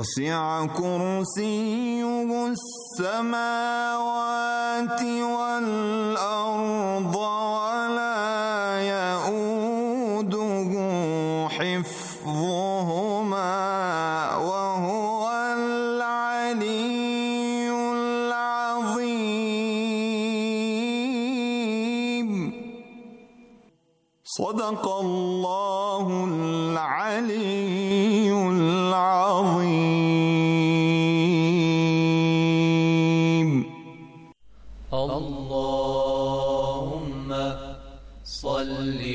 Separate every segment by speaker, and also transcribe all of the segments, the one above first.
Speaker 1: وسع كرسيه السماوات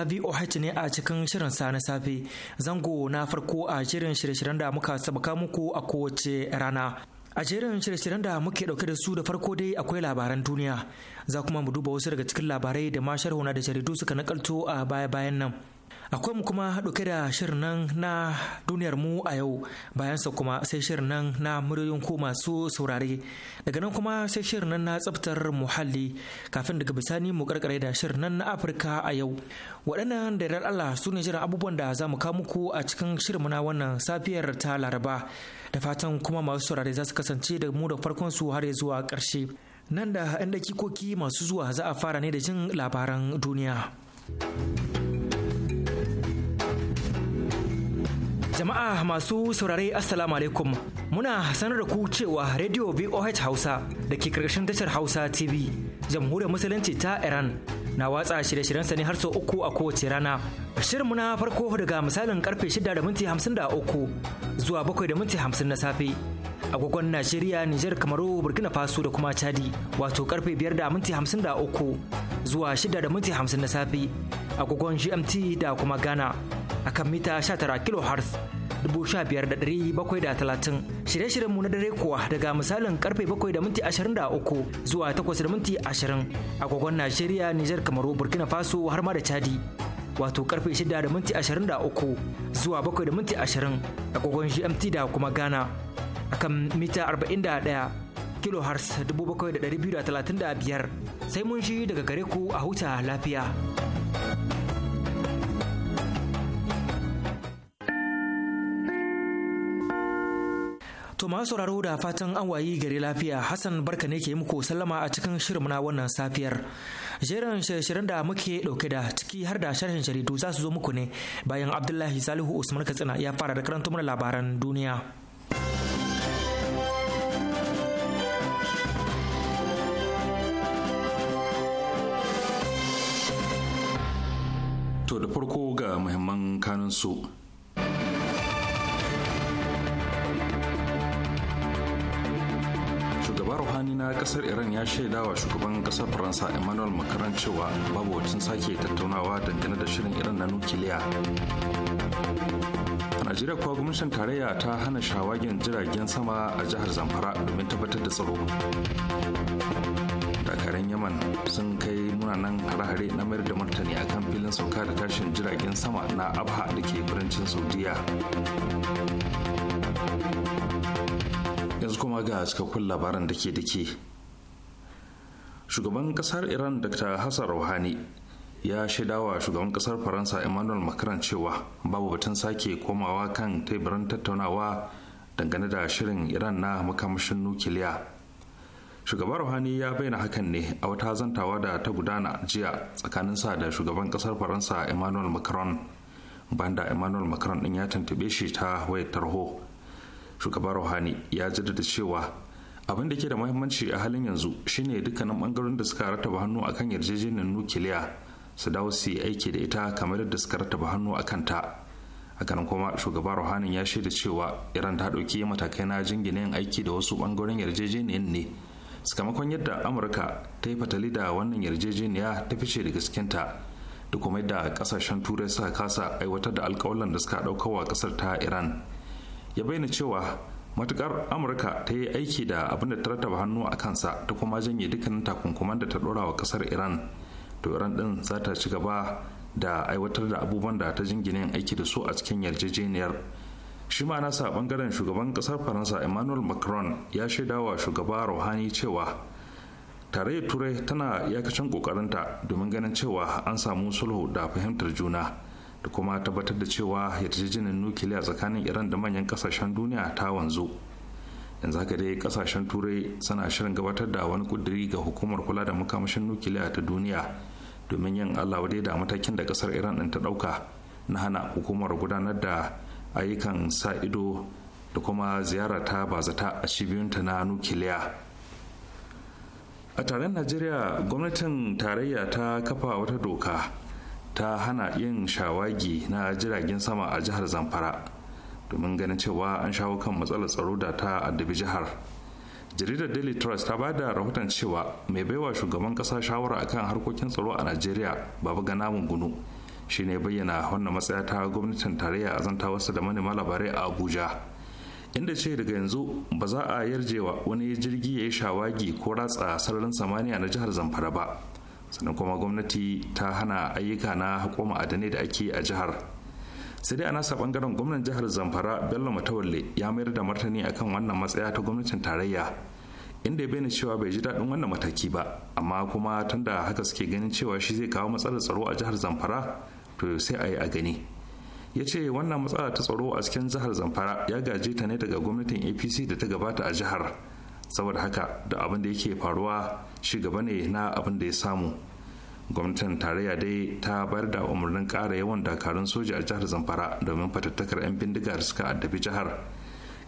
Speaker 2: Hausa VOH ne a cikin shirin sa na safe zango na farko a shirin shirye-shiryen da muka sabaka muku a kowace rana. A jerin shirye-shiryen da muke dauke da su da farko dai akwai labaran duniya za kuma mu duba wasu daga cikin labarai da ma sharhuna da jaridu suka nakalto a baya-bayan nan. akwai mu kuma kai da shirin nan na duniyar mu a yau bayansa kuma sai shirin nan na muryoyin ko masu saurare daga nan kuma sai shirin nan na tsabtar muhalli kafin daga bisani mu karkare da shirin nan na afirka a yau waɗannan da yarar allah su ne jiran abubuwan da za mu kawo muku a cikin shirin na wannan safiyar ta laraba da fatan kuma masu saurare za su kasance da mu da farkon su har zuwa ƙarshe nan da 'yan dakikoki masu zuwa za a fara ne da jin labaran duniya. Jama'a masu saurare Assalamu alaikum muna sanar da ku cewa Radio VOH Hausa da ke karkashin tashar Hausa TV jamhuriyar musulunci ta Iran na watsa shirye-shiryen Sani har sau uku a kowace rana. Shirinmu na farko daga misalin karfe 6:53 da zuwa bakwai na safe. agogon Najeriya, Nijar, Kamaru, Burkina Faso da kuma Chadi wato karfe 5:53 da minti zuwa 6:50 da na safe agogon GMT da kuma Ghana akan mita 19 kilohertz 15730 shirye-shiryen mu na dare kuwa daga misalin karfe bakwai da minti zuwa takwas da minti 20 agogon Najeriya, Nijar, Kamaru, Burkina Faso har ma da Chadi. Wato karfe 6 da minti zuwa bakwai da minti 20 agogon GMT da kuma Ghana. Akan mita 41 da 7235 sai mun shi daga gare ku a huta lafiya. To masu sauraro da fatan an wayi gari lafiya Hassan barka ne ke muku sallama a cikin shirin na wannan safiyar. Jerin shirin da muke dauke da ciki har da sharhin jaridu za su zo muku ne bayan Abdullahi Salihu Usman Katsina ya fara da karanta mana labaran duniya.
Speaker 3: To da farko ga muhimman kanunsu. ruhani na kasar iran ya shaida wa shugaban kasar faransa emmanuel macron cewa babu wacin sake tattaunawa dangane da shirin iran na nukiliya najeriya kuwa gwamnatin tarayya ta hana shawagin jiragen sama a jihar zamfara domin tabbatar da tsaro dakarun yaman sun kai munanan hare-hare na mayar da martani a kan filin sauka da tashin jiragen sama na abha da ke birancin saudiya kuma ga cikakkun labaran da ke dake shugaban kasar iran dr hassan rouhani ya shaidawa shugaban kasar faransa emmanuel macron cewa babu batun sake komawa kan teburin tattaunawa dangane da shirin iran na makamashin nukiliya shugaban ruhani ya bayyana hakan ne a wata zantawa da ta gudana jiya tsakaninsa da shugaban kasar faransa emmanuel macron banda emmanuel macron din ya tantube shi ta wayar tarho shugaba ruhani ya jaddada cewa abin da ke da muhimmanci a halin yanzu shine dukkanin bangarorin da suka rataba hannu akan yarjejeniyar nukiliya su dawo su aiki da ita kamar yadda suka rataba hannu a kanta hakanan kuma shugaba ruhanin ya shaida cewa iran ta ɗauki matakai na jingine yin aiki da wasu bangaren yarjejeniyar ne sakamakon yadda amurka ta yi fatali da wannan yarjejeniya ta fice da ta duk kuma yadda kasashen turai suka kasa aiwatar da alkawalan da suka wa ƙasar ta iran ya bayyana cewa matukar amurka ta yi aiki da abin da ta rataba hannu a kansa ta kuma janye dukkanin takunkuman da ta dora wa kasar iran to iran din za ta ci gaba da aiwatar da abubuwan da ta jingine aiki da su a cikin yarjejeniyar shi ma nasa bangaren shugaban kasar faransa emmanuel macron ya shaida wa shugaba rohani cewa tarayyar turai tana iyakacin kokarinta domin ganin cewa an samu sulhu da fahimtar juna da kuma tabbatar da cewa yarjejeniyar nukiliya tsakanin iran da manyan kasashen duniya ta wanzu yanzu haka dai kasashen turai suna shirin gabatar da wani kuduri ga hukumar kula da makamashin nukiliya ta duniya domin yin allah wadai da matakin da kasar iran din ta ɗauka na hana hukumar gudanar da ayyukan sa ido da kuma ziyara ta bazata a cibiyunta na nukiliya a taron najeriya gwamnatin tarayya ta kafa wata doka ta hana yin shawagi na jiragen sama a jihar zamfara domin ganin cewa an shawo kan matsalar tsaro da ta addabi jihar jaridar daily trust ta bada rahoton cewa mai baiwa shugaban kasa shawara a kan harkokin tsaro a najeriya baba gana gunu shine bayyana wannan matsaya ta gwamnatin tarayya a zanta wasu da manema labarai a abuja inda ce daga yanzu ba za a yarjewa wani jirgi ya yi shawagi ko ratsa sararin samaniya na jihar zamfara ba sannan kuma gwamnati ta hana ayyuka na haƙo ma'adanai da ake a jihar sai dai a nasa bangaren gwamnan jihar zamfara bello matawalle ya mayar da martani akan wannan matsaya ta gwamnatin tarayya inda ya bayyana cewa bai ji daɗin wannan mataki ba amma kuma tunda haka suke ganin cewa shi zai kawo matsalar tsaro a jihar zamfara to sai a yi a gani ya ce wannan matsala ta tsaro a cikin jihar zamfara ya gaje ta ne daga gwamnatin apc da ta gabata a jihar saboda haka da abin da yake faruwa shugaba ne na abin da ya samu gwamnatin tarayya dai ta bayar da umarnin ƙara yawan dakarun soja a jihar zamfara domin fatattakar 'yan bindiga da suka addabi jihar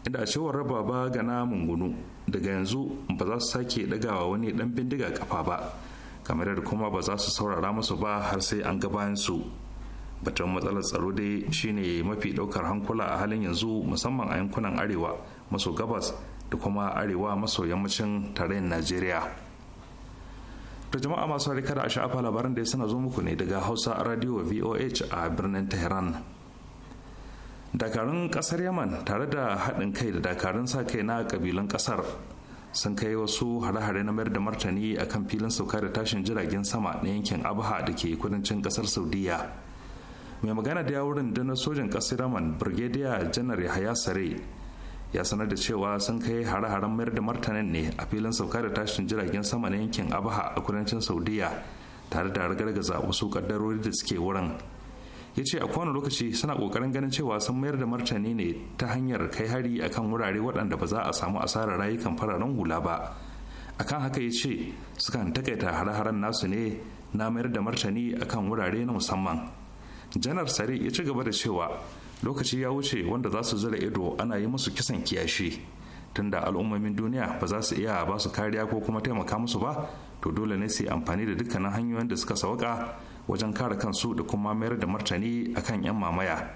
Speaker 3: inda a cewar raba ba gana mungunu daga yanzu ba za su sake ɗagawa wani ɗan bindiga kafa ba kamar da kuma ba za su saurara musu ba har sai an ga bayan su batun matsalar tsaro dai shine mafi ɗaukar hankula a halin yanzu musamman a yankunan arewa maso gabas da kuma arewa maso yammacin tarayyar najeriya da jama'a masu harika da sha'afa labaran da ya sana zo muku ne daga hausa radio voh a birnin tehran dakarun kasar yaman tare da haɗin kai da dakarun sa kai na kabilan kasar sun kai wasu hare-hare na mayar da martani a kan filin sauka da tashin jiragen sama na yankin abha da ke kudancin kasar saudiya mai magana da yawurin dana sojan kasar yaman Birgediya janar yahaya sare ya sanar da cewa sun kai hare-haren mayar da martanin ne a filin sauka da tashin jiragen sama na yankin abaha a kudancin saudiya tare da ragargaza wasu kaddarori da suke wurin ya ce a kowane lokaci suna kokarin ganin cewa sun mayar da martani ne ta hanyar kai hari akan wurare waɗanda ba za a samu asarar rayukan fararen hula ba a kan haka ya ce sukan takaita hare-haren nasu ne na mayar da martani akan wurare na musamman janar sare ya ci gaba da cewa lokaci ya wuce wanda za su zira ido ana yi musu kisan kiyashi tunda al'ummomin duniya ba za su iya ba su kariya ko kuma taimaka musu ba to dole ne su yi amfani da dukkanin hanyoyin da suka sauka wajen kare kansu da kuma mayar da martani akan 'yan mamaya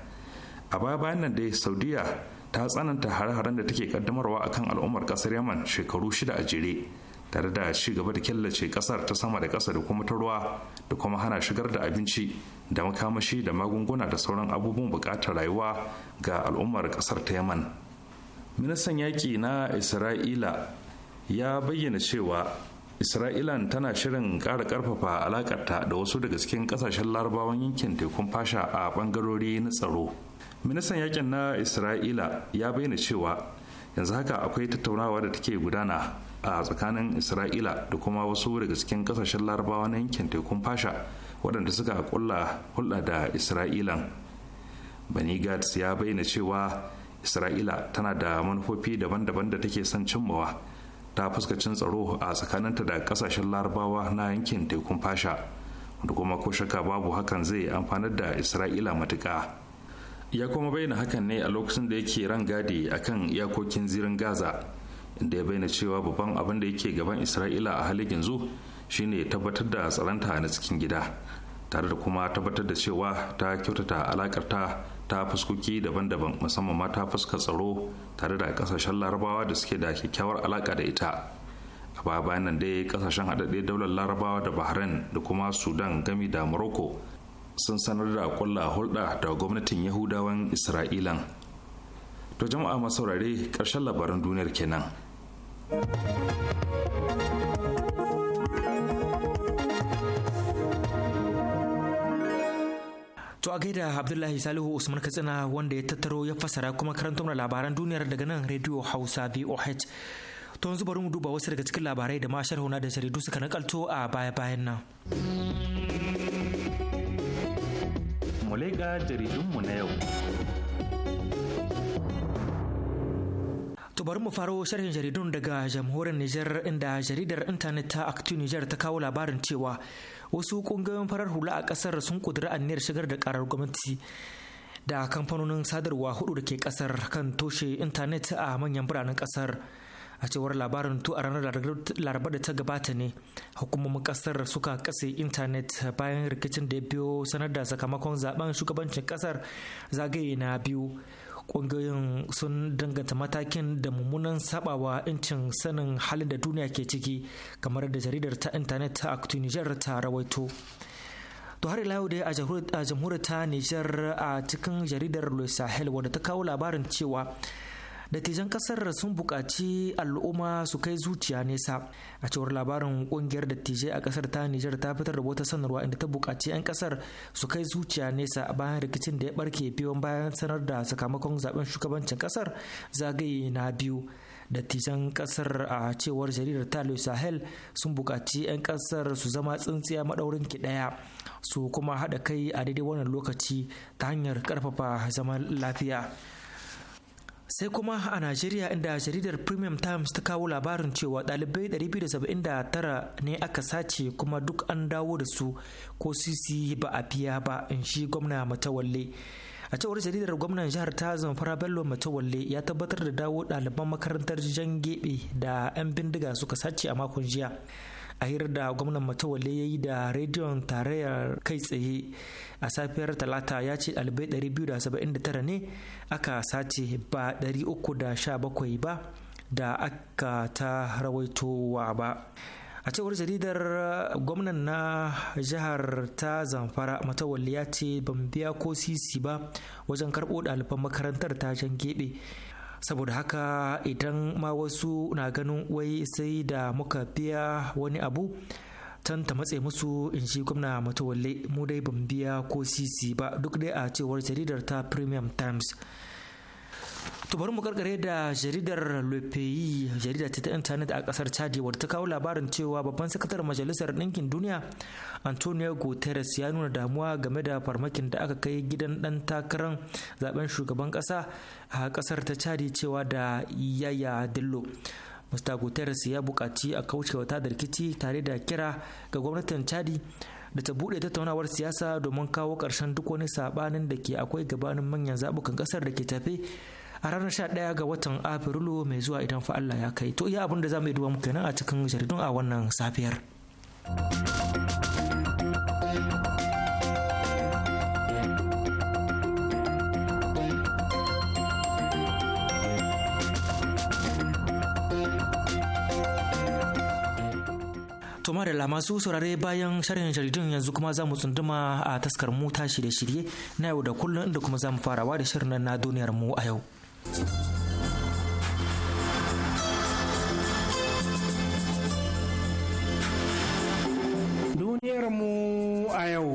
Speaker 3: a baya bayan nan dai saudiya ta tsananta hare-haren da take kaddamarwa akan al'ummar kasar yaman shekaru shida a jere tare da ci gaba da killace kasar ta sama da kasa da kuma ta ruwa da kuma hana shigar da abinci da makamashi da magunguna da sauran abubuwan buƙatar rayuwa ga al'ummar ƙasar ta yaman ministan yaƙi na isra'ila ya bayyana cewa isra'ilan tana shirin ƙara ƙarfafa alaƙarta da wasu daga cikin ƙasashen larabawan yankin tekun fasha a ɓangarori na tsaro ministan yaƙin na isra'ila ya bayyana cewa yanzu haka akwai tattaunawa da take gudana a tsakanin isra'ila da kuma wasu daga cikin ƙasashen larabawa na yankin tekun fasha waɗanda suka kulla hulɗa da isra'ilan bani gats ya bayyana cewa isra'ila tana da manufofi daban-daban da take son cimmawa ta fuskacin tsaro a tsakaninta da ƙasashen larabawa na yankin tekun fasha wanda kuma ko shaka babu hakan zai amfanar da isra'ila matuka. ya kuma bayyana hakan ne a lokacin da yake ran gadi kan iyakokin zirin gaza inda ya bayyana cewa babban abin da yake gaban isra'ila a halin yanzu shine tabbatar da tsaronta na cikin gida tare da kuma tabbatar da cewa ta kyautata alakarta ta fuskoki daban-daban musamman ma ta fuskar tsaro tare da kasashen larabawa da suke da kyakkyawar alaka da ita a baya bayan nan dai kasashen haɗaɗɗe daular larabawa da bahrain da kuma sudan gami da morocco sun sanar da kulla hulɗa da gwamnatin yahudawan isra'ilan to jama'a masaurare ƙarshen labaran duniyar kenan.
Speaker 2: To a gaida Abdullahi Salihu Usman Katsina wanda ya tattaro ya fasara kuma karantar labaran duniyar daga nan Radio Hausa VOH. To yanzu bari mu duba wasu daga cikin labarai da mashar sharhuna da jaridu suka nakalto a baya-bayan nan. Mulega jaridunmu na yau. bari mu faro sharhin jaridun daga jamhuriyar Nijar inda jaridar intanet ta Actu Nijar ta kawo labarin cewa wasu kungiyoyin farar hula a kasar sun kudura aniyar shigar da karar gwamnati da kamfanonin sadarwa hudu da ke kasar kan toshe intanet a manyan biranen kasar a cewar labarin to a ranar laraba da ta gabata ne hukumomin kasar suka kase intanet bayan rikicin da ya biyo sanar da sakamakon zaben shugabancin kasar zagaye na biyu ƙungiyoyin sun danganta matakin da mummunan sabawa incin sanin halin da duniya ke ciki kamar da jaridar ta intanet ta aktu niger ta rawaito to har ila yau a jamhuriyar ta niger a cikin jaridar louis sahel wadda ta kawo labarin cewa dattijan kasar sun bukaci al'umma su kai zuciya nesa a cewar labarin ƙungiyar dattijai a kasar ta nijar ta fitar da wata sanarwa inda ta bukaci 'yan kasar su kai zuciya nesa bayan rikicin da ya barke biyan bayan sanar da sakamakon zaben shugabancin kasar zagaye na biyu dattijan kasar a cewar jaridar talo sahel sun buƙaci 'yan kasar su zama tsintsiya maɗaurin ki ɗaya su kuma haɗa kai a daidai wannan lokaci ta hanyar ƙarfafa zaman lafiya sai kuma a najeriya inda jaridar premium times ta kawo labarin cewa dalibai 279 ne aka sace kuma duk an dawo da su ko sisi ba a biya ba in shi gwamna matawalle a cewar jaridar gwamnan jihar ta zamfara bello matawalle ya tabbatar da dawo ɗaliban makarantar jan gebe da 'yan bindiga suka sace a makon jiya a hirar da gwamnan matawalle ya yi da rediyon tarayyar kai tsaye a safiyar talata ya ce ɗalibai 279 ne aka sace ba 317 ba da aka ta rawaitowa ba a cewar jaridar gwamnan na jihar ta zamfara matawalli ya ce ban biya ko sisi ba wajen karɓo ɗaliban makarantar ta jan gebe saboda haka idan ma wasu na ganin wai sai da muka biya wani abu tan ta matse musu in shi gwamna mutuwalle mu dai ban biya ko sisi ba duk dai a cewar jaridar ta premium times To bari mu karkare da jaridar Pays, jarida ta intanet a kasar Chad wadda ta kawo labarin cewa babban sakatar majalisar ɗinkin duniya Antonio Guterres ya nuna damuwa game da farmakin da aka kai gidan dan takarar zaben shugaban ƙasa a kasar ta Chad cewa da Yaya Dillo. Mr. Guterres ya buƙaci a kaucewa ta da rikici tare da kira ga gwamnatin Chad da ta buɗe tattaunawar siyasa domin kawo ƙarshen duk wani sabanin da ke akwai gabanin manyan zabukan ƙasar da ke tafe a ranar 11 ga watan afrilu mai zuwa idan fa Allah ya kai to iya abin da za mu yi duba muke nan a cikin jaridun a wannan safiyar To da masu saurare bayan sharhin jaridun yanzu kuma za mu tsunduma a taskar mu tashi da shirye na yau da kullum inda kuma za mu farawa da shirin na duniyar mu a yau.
Speaker 4: Duniyarmu
Speaker 5: a yau.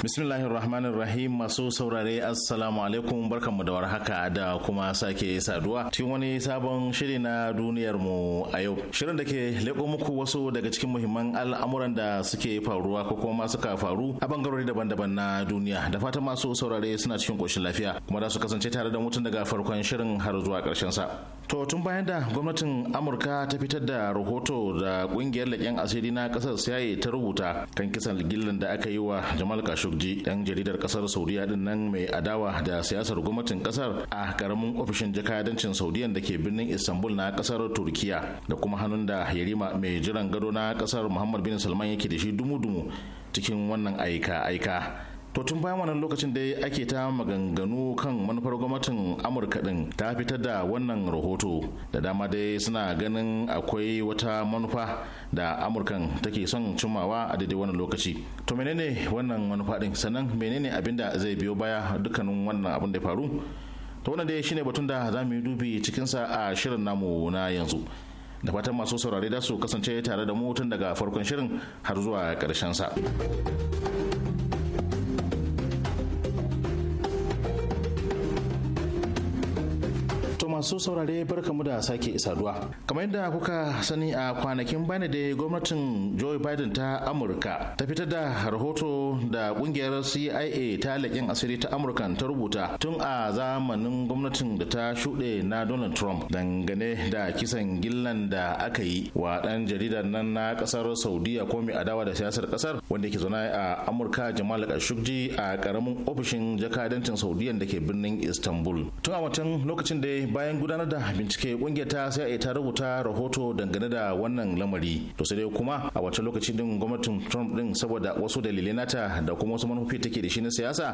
Speaker 5: rahim masu saurare assalamu alaikum barkanmu da warhaka da kuma sake saduwa cikin wani sabon shiri na duniyar mu a yau. Shirin da ke leko muku wasu daga cikin muhimman al'amuran da suke faruwa ko kuma suka faru a bangarori daban-daban na duniya da fatan masu saurare suna cikin koshin lafiya kuma za su kasance tare da mutum daga farkon shirin har zuwa karshen sa. To tun bayan da gwamnatin Amurka ta fitar da rahoto da kungiyar leƙen asiri na ƙasar CIA ta rubuta kan kisan gillan da aka yi wa Jamal Kashu turji dan jaridar kasar saudiya din nan mai adawa da siyasar gwamnatin kasar a karamin ofishin jakadancin saudiya da ke birnin istanbul na kasar turkiya da kuma hannun da yarima mai jiran gado na kasar muhammad bin salman yake da shi dumu-dumu cikin wannan aika-aika To tun bayan wannan lokacin dai ake ta maganganu kan manufar gwamnatin Amurka din ta fitar da wannan rahoto da dama dai suna ganin akwai wata manufa da Amurkan take son cimawa a daidai wannan lokaci. To menene wannan manufa din sannan menene abin da zai biyo baya dukkanin wannan abin da ya faru? To wannan dai shine batun da za mu yi dubi cikinsa a shirin namu na yanzu. Da fatan masu saurare da su kasance tare da mu tun daga farkon shirin har zuwa ƙarshen sa. masu saurare barkamu da sake saduwa. Kamar yadda kuka sani a kwanakin bana da gwamnatin Joe Biden ta Amurka ta fitar da rahoto da kungiyar CIA ta lakin asiri ta Amurka ta rubuta tun a zamanin gwamnatin da ta shuɗe na Donald Trump dangane da kisan gillan da aka yi wa ɗan jaridar nan na ƙasar Saudiya ko mai adawa da siyasar ƙasar wanda ke zaune a Amurka Jamal Khashoggi a ƙaramin ofishin jakadancin Saudiyan da ke birnin Istanbul. Tun a watan lokacin da bayan bayan gudanar da bincike kungiyar ta sai ta rubuta rahoto dangane da wannan lamari to sai dai kuma a wace lokaci din gwamnatin trump din saboda wasu dalilai nata da kuma wasu manufofi take da shi na siyasa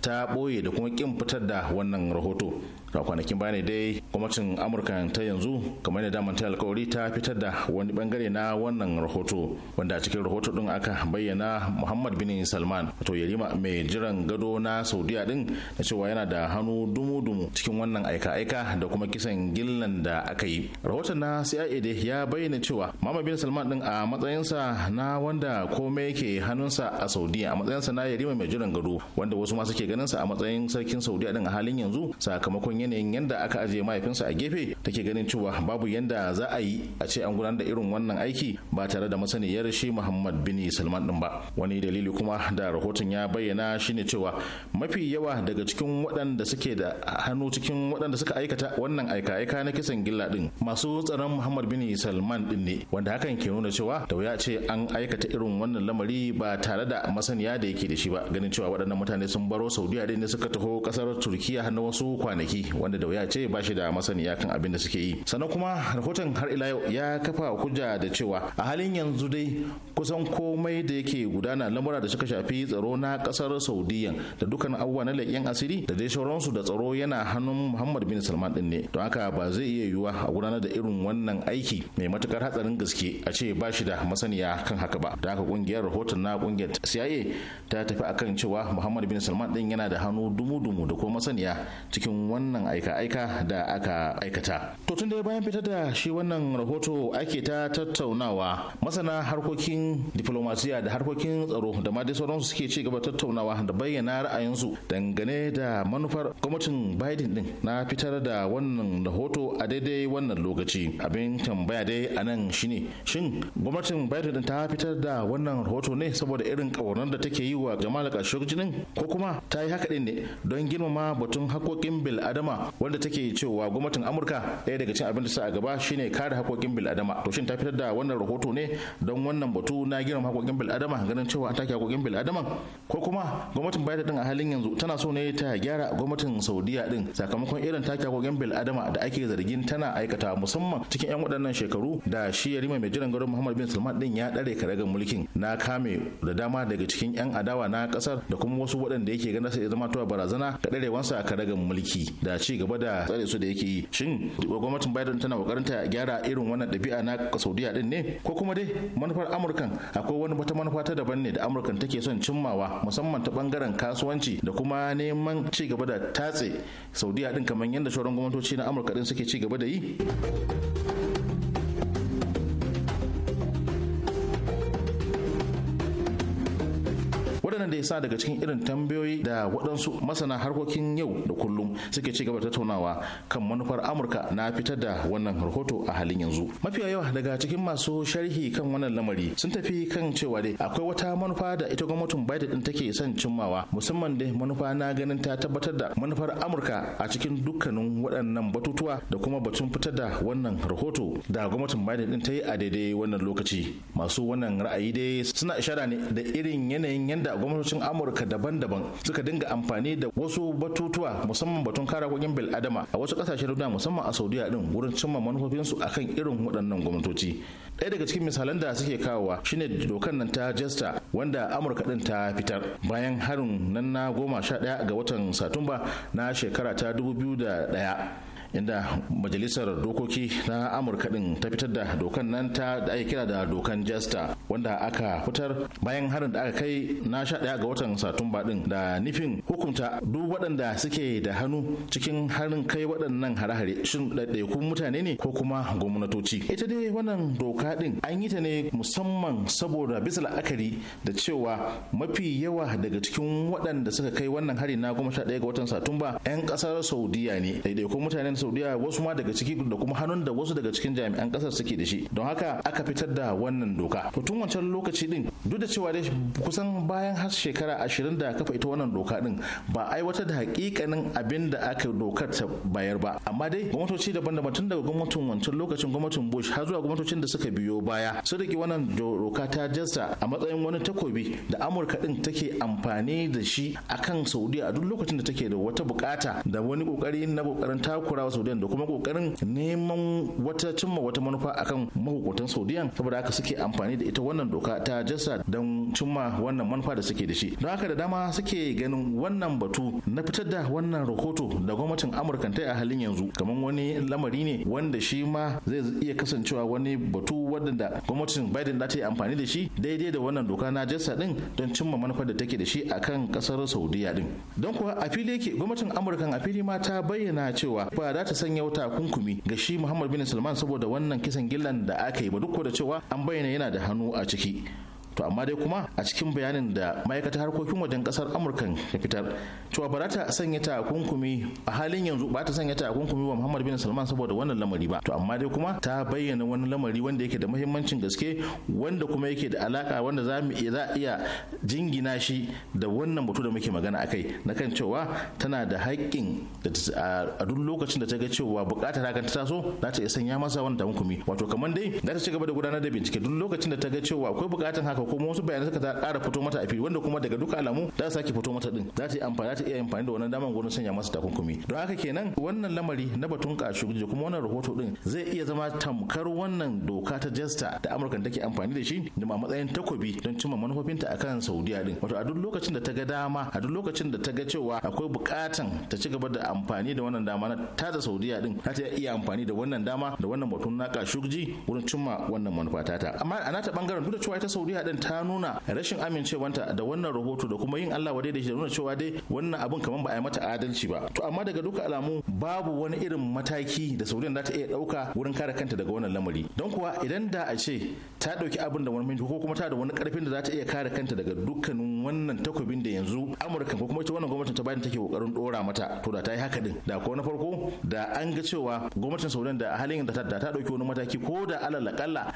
Speaker 5: ta boye da kuma kin fitar da wannan rahoto a kwanakin baya ne dai gwamnatin amurka ta yanzu kamar da daman ta alkawari ta fitar da wani bangare na wannan rahoto wanda a cikin rahoto din aka bayyana muhammad bin salman wato yarima mai jiran gado na saudiya din da cewa yana da hannu dumu-dumu cikin wannan aika-aika da kuma kuma kisan gillan da aka yi rahoton na cia ya bayyana cewa mama bin salman din a matsayinsa na wanda komai yake hannunsa a saudiya a matsayinsa na yarima mai jiran gado wanda wasu ma suke ganin sa a matsayin sarkin saudiya din a halin yanzu sakamakon yanayin yanda aka ajiye mahaifinsa a gefe take ganin cewa babu yanda za a yi a ce an gudanar da irin wannan aiki ba tare da masaniyar shi muhammad bin salman din ba wani dalili kuma da rahoton ya bayyana shine cewa mafi yawa daga cikin waɗanda suke da hannu cikin waɗanda suka aikata wannan aika-aika na kisan gilla din masu tsaron muhammad bin salman din ne wanda hakan ke nuna cewa da wuya ce an aikata irin wannan lamari ba tare da masaniya da yake da shi ba ganin cewa waɗannan mutane sun baro saudiya ne suka taho kasar turkiya har na wasu kwanaki wanda da wuya ce ba shi da masaniya kan abin da suke yi sannan kuma rahoton har ila yau ya kafa hujja da cewa a halin yanzu dai kusan komai da yake gudana lamura da suka shafi tsaro na kasar saudiya da dukkan abubuwa na leƙen asiri da dai sauransu da tsaro yana hannun muhammad bin salman din ne to don haka ba zai iya yiwuwa a gudanar da irin wannan aiki mai matukar hatsarin gaske a ce ba shi da masaniya kan haka ba da haka kungiyar rahoton na kungiyar CIA ta tafi akan cewa Muhammad bin Salman din yana da hannu dumu-dumu da kuma masaniya cikin wannan aika-aika da aka aikata to tun dai bayan fitar da shi wannan rahoto ake ta tattaunawa masana harkokin diplomasiya da harkokin tsaro da ma dai sauransu suke ci gaba tattaunawa da bayyana ra'ayinsu dangane da manufar gwamnatin Biden din na fitar da wannan wannan rahoto a daidai wannan lokaci abin tambaya dai a nan shine shin gwamnatin biden ta fitar da wannan rahoto ne saboda irin kaunar da take yi wa jamal khashoggi din ko kuma ta yi haka din ne don girmama batun hakokin bil adama wanda take cewa gwamnatin amurka ɗaya daga cikin abin da sa a gaba shine kare hakokin bil adama to shin ta fitar da wannan rahoto ne don wannan batu na girmama hakokin bil adama ganin cewa an take hakokin bil adama ko kuma gwamnatin biden din a halin yanzu tana so ne ta gyara gwamnatin saudiya din sakamakon irin take hakokin bil adama da ake zargin tana aikata musamman cikin 'yan waɗannan shekaru da shi yarima mai jiran garin muhammad bin salman din ya ɗare karagar mulkin na kame da dama daga cikin 'yan adawa na ƙasar da kuma wasu waɗanda yake ganin sai zama tuwa barazana ga ɗarewansa a karagar mulki da ci gaba da tsare su da yake yi shin gwamnatin biden tana kokarin ta gyara irin wannan ɗabi'a na saudiya din ne ko kuma dai manufar amurkan akwai wani wata manufa ta daban ne da amurkan take son cimmawa musamman ta bangaren kasuwanci da kuma neman ci gaba da tatse saudiya din kamar yadda sauran gwamnatoci gwamnatoci na amurka din suke ci gaba da yi da ya sa daga cikin irin tambayoyi da waɗansu masana harkokin yau da kullum suke ci gaba da tattaunawa kan manufar amurka na fitar da wannan rahoto a halin yanzu mafiya yawa daga cikin masu sharhi kan wannan lamari sun tafi kan cewa dai akwai wata manufa da ita gwamnatin biden din take son cimmawa musamman dai manufa na ganin ta tabbatar da manufar amurka a cikin dukkanin waɗannan batutuwa da kuma batun fitar da wannan rahoto da gwamnatin biden din ta yi a daidai wannan lokaci masu wannan ra'ayi dai suna ishara ne da irin yanayin yadda gwamnatin gwamnatocin amurka daban-daban suka dinga amfani da wasu batutuwa musamman batun kogin bil bil'adama a wasu kasashen duniya musamman a saudiya din wurin cimma manufofinsu akan irin waɗannan gwamnatoci ɗaya daga cikin misalan da suke kawowa shine dokar nan ta jesta wanda amurka din ta fitar bayan harin nan na goma sha ɗaya ga watan satumba na shekara ta dubu biyu da ɗaya inda majalisar dokoki na amurka din ta fitar da dokan nan ta da ake kira da dokan jasta wanda aka fitar bayan harin da aka kai na sha ɗaya ga watan satumba din da nufin hukunta duk waɗanda suke da hannu cikin harin kai waɗannan hare-hare shin ɗaiɗaikun mutane ne ko kuma gwamnatoci ita dai wannan doka din an yi ta ne musamman saboda bisa la'akari da cewa mafi yawa daga cikin waɗanda suka kai wannan hari na goma sha ɗaya ga watan satumba 'yan ƙasar saudiya ne ɗaiɗaikun mutanen saudiya wasu ma daga ciki da kuma hannun da wasu daga cikin jami'an kasar suke da shi don haka aka fitar da wannan doka to tun wancan lokaci din duk da cewa dai kusan bayan har shekara ashirin da kafa ita wannan doka din ba aiwatar da hakikanin abin da aka dokar ta bayar ba amma dai gwamnatoci daban-daban tun daga gwamnatin wancan lokacin gwamnatin bush har zuwa gwamnatocin da suka biyo baya sun rike wannan doka ta jasta a matsayin wani takobi da amurka din take amfani da shi akan saudiya a duk lokacin da take da wata bukata da wani kokari na kokarin takura saudiyan da kuma kokarin neman wata cimma wata manufa akan mahukuntan saudiyan saboda haka suke amfani da ita wannan doka ta jasa don cimma wannan manufa da suke da shi don haka da dama suke ganin wannan batu na fitar da wannan rahoto da gwamnatin Amurka ta a halin yanzu kamar wani lamari ne wanda shi ma zai iya kasancewa wani batu wadanda gwamnatin Biden za ta yi amfani da shi daidai da wannan doka na jasa din don cimma manufa da take da shi akan kasar Saudiya din don kuwa a fili yake gwamnatin Amurka a fili ma ta bayyana cewa ba za ta sanya wata kunkumi ga shi Muhammad bin Salman saboda wannan kisan gillan da aka yi ba duk da cewa an bayyana yana da hannu a ciki to amma dai kuma a cikin bayanin da ma'aikatar harkokin wajen kasar amurka ya fitar cewa ba ta sanya ta a halin yanzu ba ta sanya ta kunkumi wa muhammad bin salman saboda wannan lamari ba to amma dai kuma ta bayyana wani lamari wanda yake da muhimmancin gaske wanda kuma yake da alaka wanda za mu za iya jingina shi da wannan batu da muke magana akai na kan cewa tana da haƙƙin a duk lokacin da ta ga cewa buƙatar hakan ta taso za ta iya sanya masa wannan takunkumi wato kamar dai za ta ci gaba da gudanar da bincike duk lokacin da ta ga cewa akwai buƙatar haka ko wasu bayanai suka ƙara fito mata a fili wanda kuma daga duka alamu za su sake fito mata din za ta yi amfani za ta iya amfani da wannan daman gurin sanya masa takunkumi don haka kenan wannan lamari na batun da kuma wannan rahoto din zai iya zama tamkar wannan doka ta jesta da amurka take amfani da shi da matsayin takobi don cimma manufofinta kan saudiya din wato a duk lokacin da ta ga dama a duk lokacin da ta ga cewa akwai bukatan ta ci gaba da amfani da wannan dama na tada saudiya din za ta iya amfani da wannan dama da wannan batun na kashugji wurin cimma wannan manufa ta amma a nata bangaren duk da cewa ita saudiya Laden ta nuna rashin amincewanta da wannan rahoto da kuma yin Allah wadai da shi nuna cewa dai wannan abun kamar ba a yi mata adalci ba. To amma daga duka alamu babu wani irin mataki da Saudiya za ta iya ɗauka wurin kare kanta daga wannan lamari. Don kuwa idan da a ce ta ɗauki abin da wani ko kuma ta da wani ƙarfin da za ta iya kare kanta daga dukkanin wannan takobin da yanzu Amurka ko kuma ita wannan gwamnatin ta bayan take kokarin ɗora mata to da ta yi haka din. Da ko na farko da an ga cewa gwamnatin Saudiya da halin da ta ɗauki wani mataki ko da alal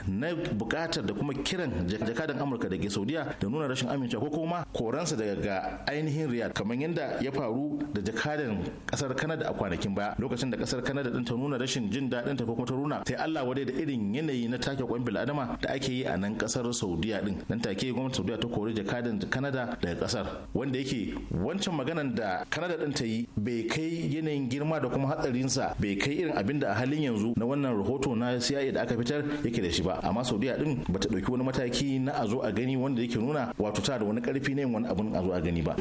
Speaker 5: na bukatar da kuma kiran jakadan amurka da ke saudiya da nuna rashin amincewa ko kuma koransa daga ainihin riyad kamar yadda ya faru da jakadan kasar kanada a kwanakin baya lokacin da kasar kanada din ta nuna rashin jin daɗin ta ko kuma ta nuna sai allah wade da irin yanayi na take kwan bil'adama da ake yi a nan kasar saudiya din nan take gwamnatin saudiya ta kori jakadan kanada daga kasar wanda yake wancan maganan da kanada din ta yi bai kai yanayin girma da kuma hatsarinsa bai kai irin abin da a halin yanzu na wannan rahoto na CIA da aka fitar yake da shi ba amma saudiya din bata dauki wani mataki na azu zo a gani wanda yake nuna wato ta da wani karfi ne wani abun a zo a gani ba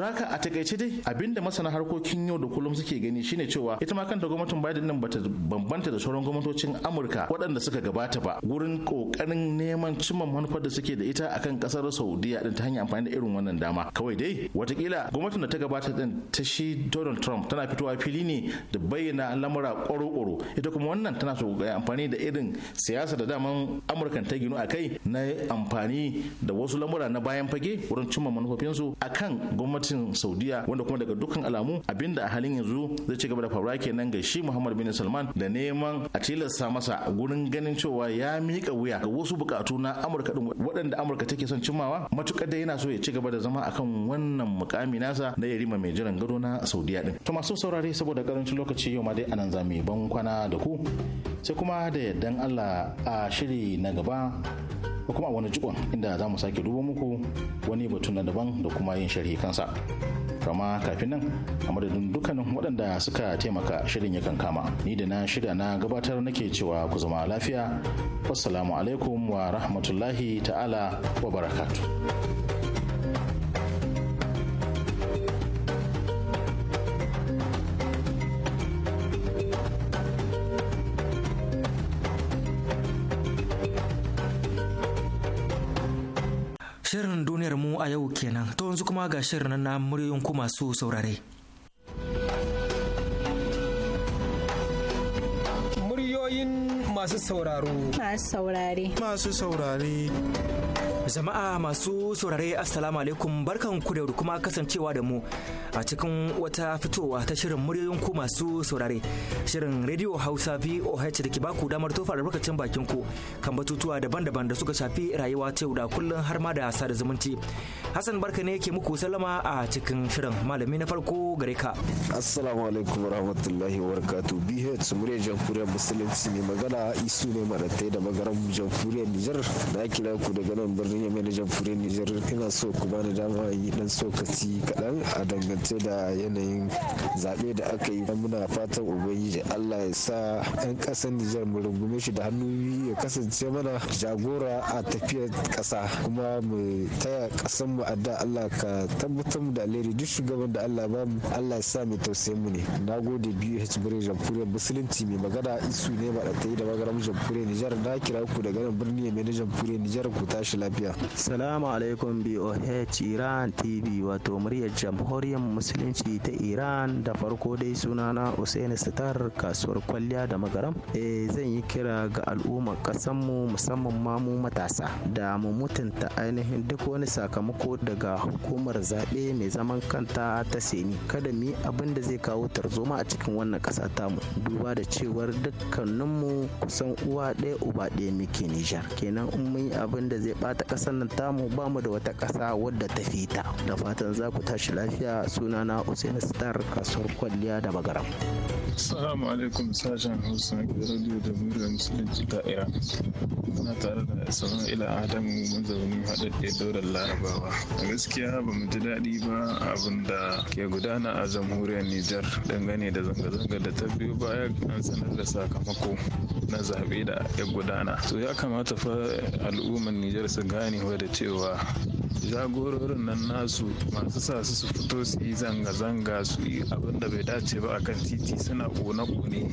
Speaker 5: don haka a takaice dai abinda masana harkokin yau da kullum suke gani shine cewa ita ma kanta gwamnatin Biden din bata bambanta da sauran gwamnatocin Amurka waɗanda suka gabata ba gurin kokarin neman cimma manufar da suke da ita akan kasar Saudiya din ta hanyar amfani da irin wannan dama kawai dai watakila gwamnatin da ta gabata din ta shi Donald Trump tana fitowa fili ne da bayyana lamura kwaro-kwaro ita kuma wannan tana so amfani da irin siyasa da daman Amurkan ta ginu a kai na amfani da wasu lamura na bayan fage wurin cimma manufofinsu akan gwamnati kasashen saudiya wanda kuma daga dukkan alamu abinda a halin yanzu zai ci gaba da faruwa kenan ga shi muhammad bin salman da neman a tilasta masa gurin ganin cewa ya mika wuya ga wasu bukatu na amurka din waɗanda amurka take son cimawa matuƙar da yana so ya ci gaba da zama akan wannan mukami nasa na yarima mai jiran gado na saudiya din to masu saurare saboda karancin lokaci yau ma dai anan za mu yi ban kwana da ku sai kuma da yardan allah a shiri na gaba ko kuma wani jikon inda za mu sake duba muku wani batun na daban da kuma yin sharhi kansa kama kafin nan a madadin dukkanin waɗanda suka taimaka shirin yakan kama ni da na shida na gabatar nake cewa ku zama lafiya wassalamu alaikum wa rahmatullahi ta'ala wa barakatu.
Speaker 2: Shirin duniyar mu a yau kenan to yanzu kuma ga shirin na muryoyin ku masu saurare. masu sauraro. Masu saurare. Masu saurare. Jama'a masu saurare Assalamu alaikum barkan ku da kuma kasancewa da mu a cikin wata fitowa ta shirin muryoyin ku masu saurare. Shirin Radio Hausa VOH da ke baku damar tofa albarkacin bakin ku kan batutuwa daban-daban da suka shafi rayuwa ta yau da kullum har ma da sada zumunci. Hassan barka ne ke muku sallama a cikin shirin malami na farko gare ka. Assalamu
Speaker 6: alaikum warahmatullahi wabarakatuh. BH muryar jamhuriyar musulunci ne magana isu ne marattai da magaran jamhuriyar nijar na kira ku daga nan birnin yamai na jamhuriyar nijar ina so ku ni dama yi dan sokaci kaɗan a dangance da yanayin zaɓe da aka yi muna fatan ubangiji allah ya sa 'yan ƙasar nijar mu rungume shi da hannu ya kasance mana jagora a tafiyar kasa kuma mu taya ƙasar mu adda allah ka tabbatar da alheri duk shugaban da allah ba mu allah ya sa mai tausayin mu ne na gode biyu h jamhuriyar musulunci mai magana isu ne ba da ta yi garin jamhuriyar Nijar na kira ku daga nan birni mai na jamhuriyar Nijar ku tashi lafiya. Salamu alaikum BOH Iran TV wato muryar jamhuriyar musulunci ta Iran da farko dai sunana Usaini Sitar kasuwar kwalliya da magaram. E zan yi kira ga al'ummar kasanmu musamman ma mu matasa da mu mutunta ainihin duk wani sakamako daga hukumar zaɓe mai zaman kanta ta seni kada mu yi abin da zai kawo tarzoma a cikin wannan ƙasa tamu duba da cewar dukkaninmu san uwa ɗaya uba ɗaya muke nijar kenan in mun yi abin da zai ɓata ƙasar nan tamu ba mu da wata ƙasa wadda ta fita da fatan za ku tashi lafiya sunana usain star kasuwar kwalliya da bagaram salamu alaikum sashen hausa da radio da murya musulunci ta iran
Speaker 7: na tare da ila adamu mazaunin haɗaɗɗe daular larabawa a gaskiya ba mu ji daɗi ba abin da ke gudana a jamhuriyar nijar dangane da zanga-zanga da ta biyo baya an sanar da sakamako na zaɓe da ya gudana to ya kamata fa al'ummar nijar su gane da cewa
Speaker 6: jagororin
Speaker 3: nan nasu masu sa su fito su yi zanga-zanga su yi abin da bai dace ba akan titi suna kone-kone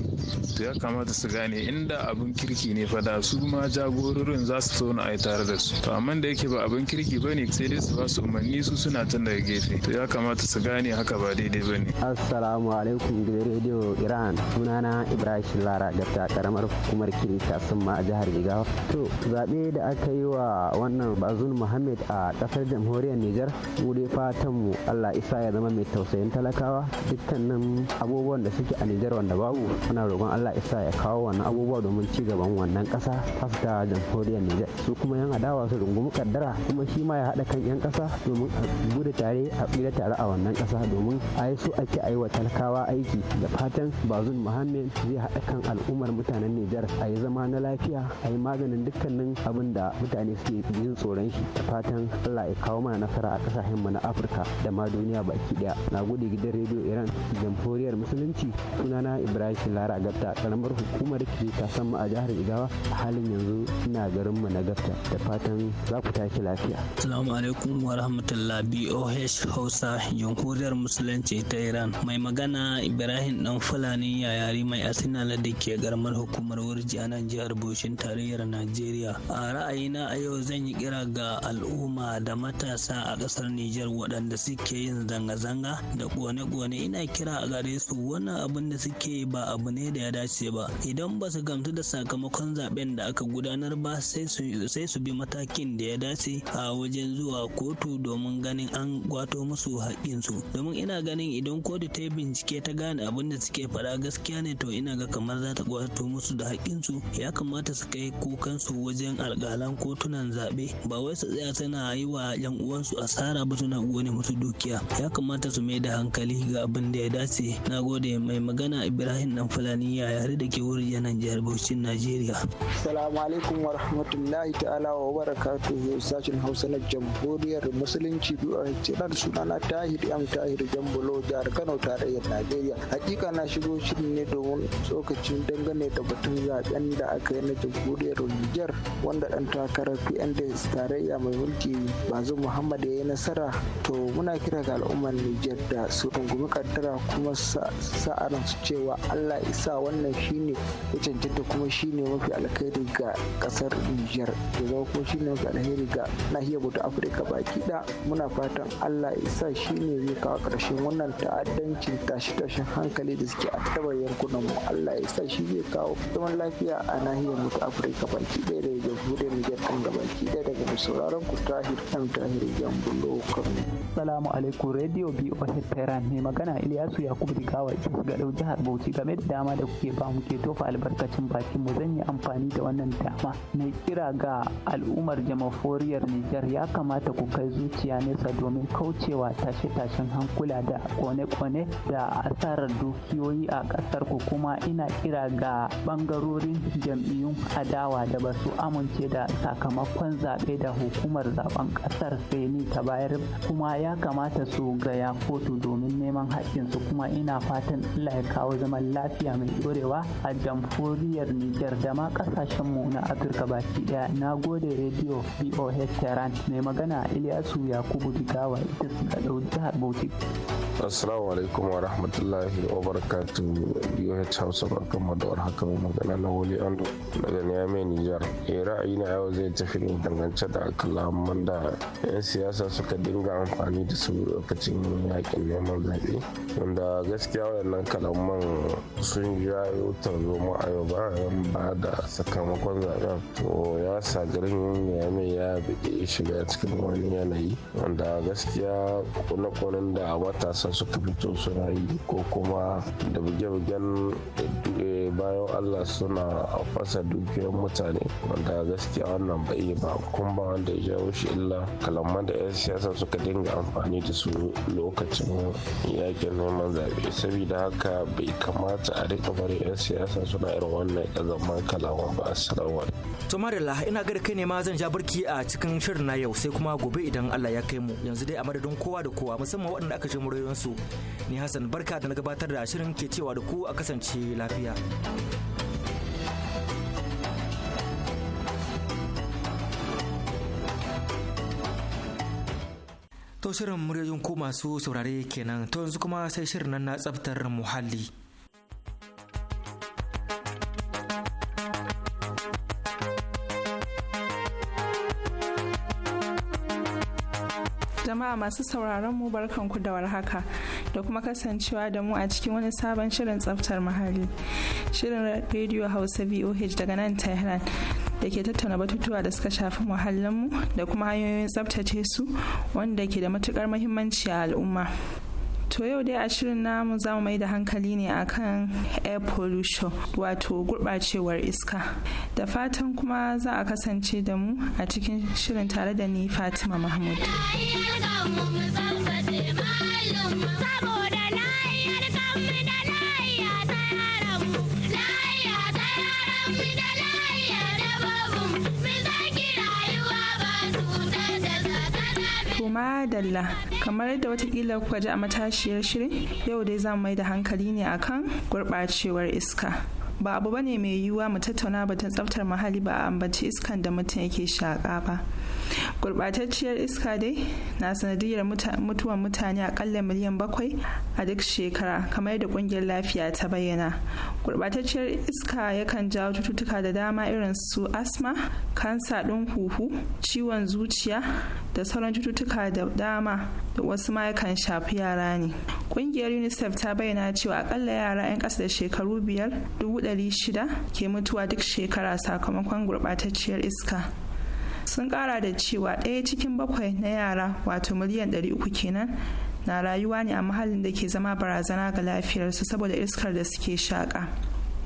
Speaker 3: to ya kamata su gane inda abin kirki ne fada su ma jagororin za su zauna a yi tare da su to amma da yake ba abin kirki ba ne sai dai su ba su umarni su suna can daga gefe to ya kamata su gane haka ba daidai ba ne
Speaker 6: assalamu alaikum gidan rediyo iran sunana ibrahim lara ta karamar hukumar hukumar kirista sun ma a jihar jigawa to zaɓe da aka yi wa wannan bazun muhammad a ƙasar jamhuriyar nijar mu fatan mu allah isa ya zama mai tausayin talakawa dukkanin abubuwan da suke a nijar wanda babu muna roƙon allah isa ya kawo wannan abubuwa domin ci gaban wannan ƙasa ta jamhuriyar nijar su kuma yan adawa su rungumi kaddara kuma shi ma ya haɗa kan yan ƙasa domin a gudu tare a tsira tare a wannan ƙasa domin a yi so ake aiwa talakawa aiki da fatan bazun muhammad zai haɗa kan al'ummar mutanen nijar a yi zama na lafiya a yi maganin dukkanin abin da mutane suke yin tsoron shi ta fatan allah ya kawo mana nasara a kasashen mu na afirka da ma duniya baki daya na gode gidan rediyo iran jamhuriyar musulunci sunana ibrahim lara gabta karamar hukumar ke ta san a jihar jigawa a halin yanzu ina garin mu na gabta da fatan za ku tashi lafiya
Speaker 7: assalamu alaikum wa rahmatullah boh hausa jamhuriyar musulunci ta iran mai magana ibrahim dan fulani yayari mai asina da ke garmar hukumar wuri. Turji a nan jihar Bauchin tarayyar Najeriya. A ra'ayina a yau zan yi kira ga al'umma da matasa a ƙasar Nijar waɗanda suke yin zanga-zanga da ƙone-ƙone ina kira a gare su wannan abin da suke yi ba abu ne da ya dace ba. Idan ba su gamsu da sakamakon zaben da aka gudanar ba sai su bi matakin da ya dace a wajen zuwa kotu domin ganin an gwato musu haƙƙinsu. Domin ina ganin idan kotu ta yi bincike ta gane abin da suke faɗa gaskiya ne to ina ga kamar za ta gwato musu da haƙƙinsu. haƙƙinsu ya kamata su kai kukansu wajen alƙalan kotunan zaɓe ba wai su tsaya suna yi wa yan uwansu asara ba suna ƙone musu dukiya ya kamata su mai da hankali ga abin da ya dace na gode mai magana ibrahim dan fulani ya yare da ke wurin yanan jihar bauchi najeriya salamu
Speaker 6: alaikum wa rahmatullahi ta'ala wa barakatuhu sashen hausa na jamhuriyar musulunci biyu a sunana tahir yam tahir jambulo jihar kano tarayyar najeriya hakika na shigo shirin ne domin tsokacin dangane da batun zaben da aka yi na jamhuriyar Nijar wanda dan takarar PNDS tarayya mai mulki bazu Muhammad ya yi nasara to muna kira ga al'ummar Nijar da su rungumi kaddara kuma sa'aran su cewa Allah isa wannan shine ya cancanta kuma shine mafi alkhairi ga kasar Nijar da zama kuma shine mafi alheri ga nahiyar mu Afirka baki da muna
Speaker 2: fatan Allah isa shine zai kawo ƙarshen wannan ta'addancin tashi-tashin hankali da suke addabar yankunan mu Allah isa shi zai kawo zaman lafiya a nahiyar mutu afirka
Speaker 6: baki ɗaya da jamhuriyar nijar kan gabaki ɗaya daga mai sauraron ku tahir m tahir jambulo
Speaker 7: kano salamu alaikum Radio BOH Tehran mai magana Ilyasu Yakubu Digawa Kis Gadau jihar Bauchi game da dama da kuke ba mu ke tofa albarkacin baki mu zan yi amfani da wannan dama na kira ga al'ummar jamaforiyar Nijar ya kamata ku kai zuciya nesa domin kaucewa tashe-tashen hankula da kone-kone da asarar dukiyoyi a kasar ku kuma ina kira ga bangaro jagororin jam'iyyun adawa da ba su amince da sakamakon zaɓe da hukumar zaben ƙasar Beni ta bayar kuma ya kamata su gaya kotu domin neman haƙƙinsu kuma ina fatan Allah ya kawo zaman lafiya mai ɗorewa a jamhuriyar Nijar da ma mu na Afirka baki ɗaya. Na gode rediyo BOH Tehran mai magana Ilyasu Yakubu Digawa ita su ga jihar Bauchi. Assalamu alaikum wa rahmatullahi wa
Speaker 6: barakatuhu BOH Hausa barkanmu da haka mai magana lawali ando daga niamey nijar e eh, ra'ayi na yau zai tafi ne dangance da kalaman da 'yan siyasa suka dinga amfani da su lokacin yakin neman zaɓe wanda gaskiya wayannan kalaman sun jayo ma a yau bayan ba da sakamakon zaɓen to ya sa garin niamey ya bude shiga cikin wani yanayi wanda gaskiya kone-konen da matasa suka fito suna yi ko kuma da buge-bugen eh, bayan allah sun suna fasa dukiyar mutane
Speaker 4: wanda gaskiya wannan bai yi ba kun ba wanda ya jawo shi illa kalaman da 'yan siyasa suka dinga amfani da su lokacin yakin neman zaɓe saboda haka
Speaker 3: bai kamata a rika bari 'yan siyasa suna irin wannan ƙazaman kalaman ba assalamu
Speaker 2: to marilla ina ga kai ne ma zan ja barki a cikin shirin na yau sai kuma gobe idan Allah ya kai mu yanzu dai a madadin kowa da kowa musamman waɗanda aka ji murayoyinsu ni Hassan barka da na gabatar da shirin ke cewa da ku a kasance lafiya. To shirin muryoyin ku masu saurare kenan to yanzu kuma sai shirin nan na tsaftar muhalli.
Speaker 8: Jama'a masu sauraron mu barkanku da warhaka da kuma kasancewa da mu a cikin wani sabon shirin tsaftar muhalli. Shirin rediyo Hausa boh daga nan Tehran. da ke tattauna batutuwa da suka shafi muhallinmu da kuma hanyoyin tsabtace su wanda ke da matukar muhimmanci a al'umma. To yau dai a shirin namu za mu mai da hankali ne akan air pollution wato gurɓacewar iska. Da fatan kuma za a kasance da mu a cikin shirin tare da ni Fatima Mahmud. To madalla kamar yadda watakila kuka ji a matashiyar shirin yau dai za mu mai da hankali ne akan gurɓacewar iska. Ba abu bane mai yiwuwa mu tattauna batun tsaftar muhalli ba a ambaci iskan da mutum yake shaƙa ba. gurbatacciyar iska dai na sanadiyar mutuwan mutane akalla miliyan bakwai a duk shekara kamar da kungiyar lafiya ta bayyana gurbatacciyar iska yakan jawo cututtuka da dama irin su asma kansa ɗin huhu ciwon zuciya da sauran cututtuka da dama da wasu ma yakan shafi yara ne kungiyar unicef ta bayyana cewa akalla yara 'yan ƙasa da shekaru biyar dubu ɗari shida ke mutuwa duk shekara sakamakon gurbatacciyar iska sun kara da cewa ɗaya cikin bakwai na yara wato miliyan 300 kenan na rayuwa ne a mahallin da ke zama barazana ga lafiyarsu saboda iskar da suke shaƙa.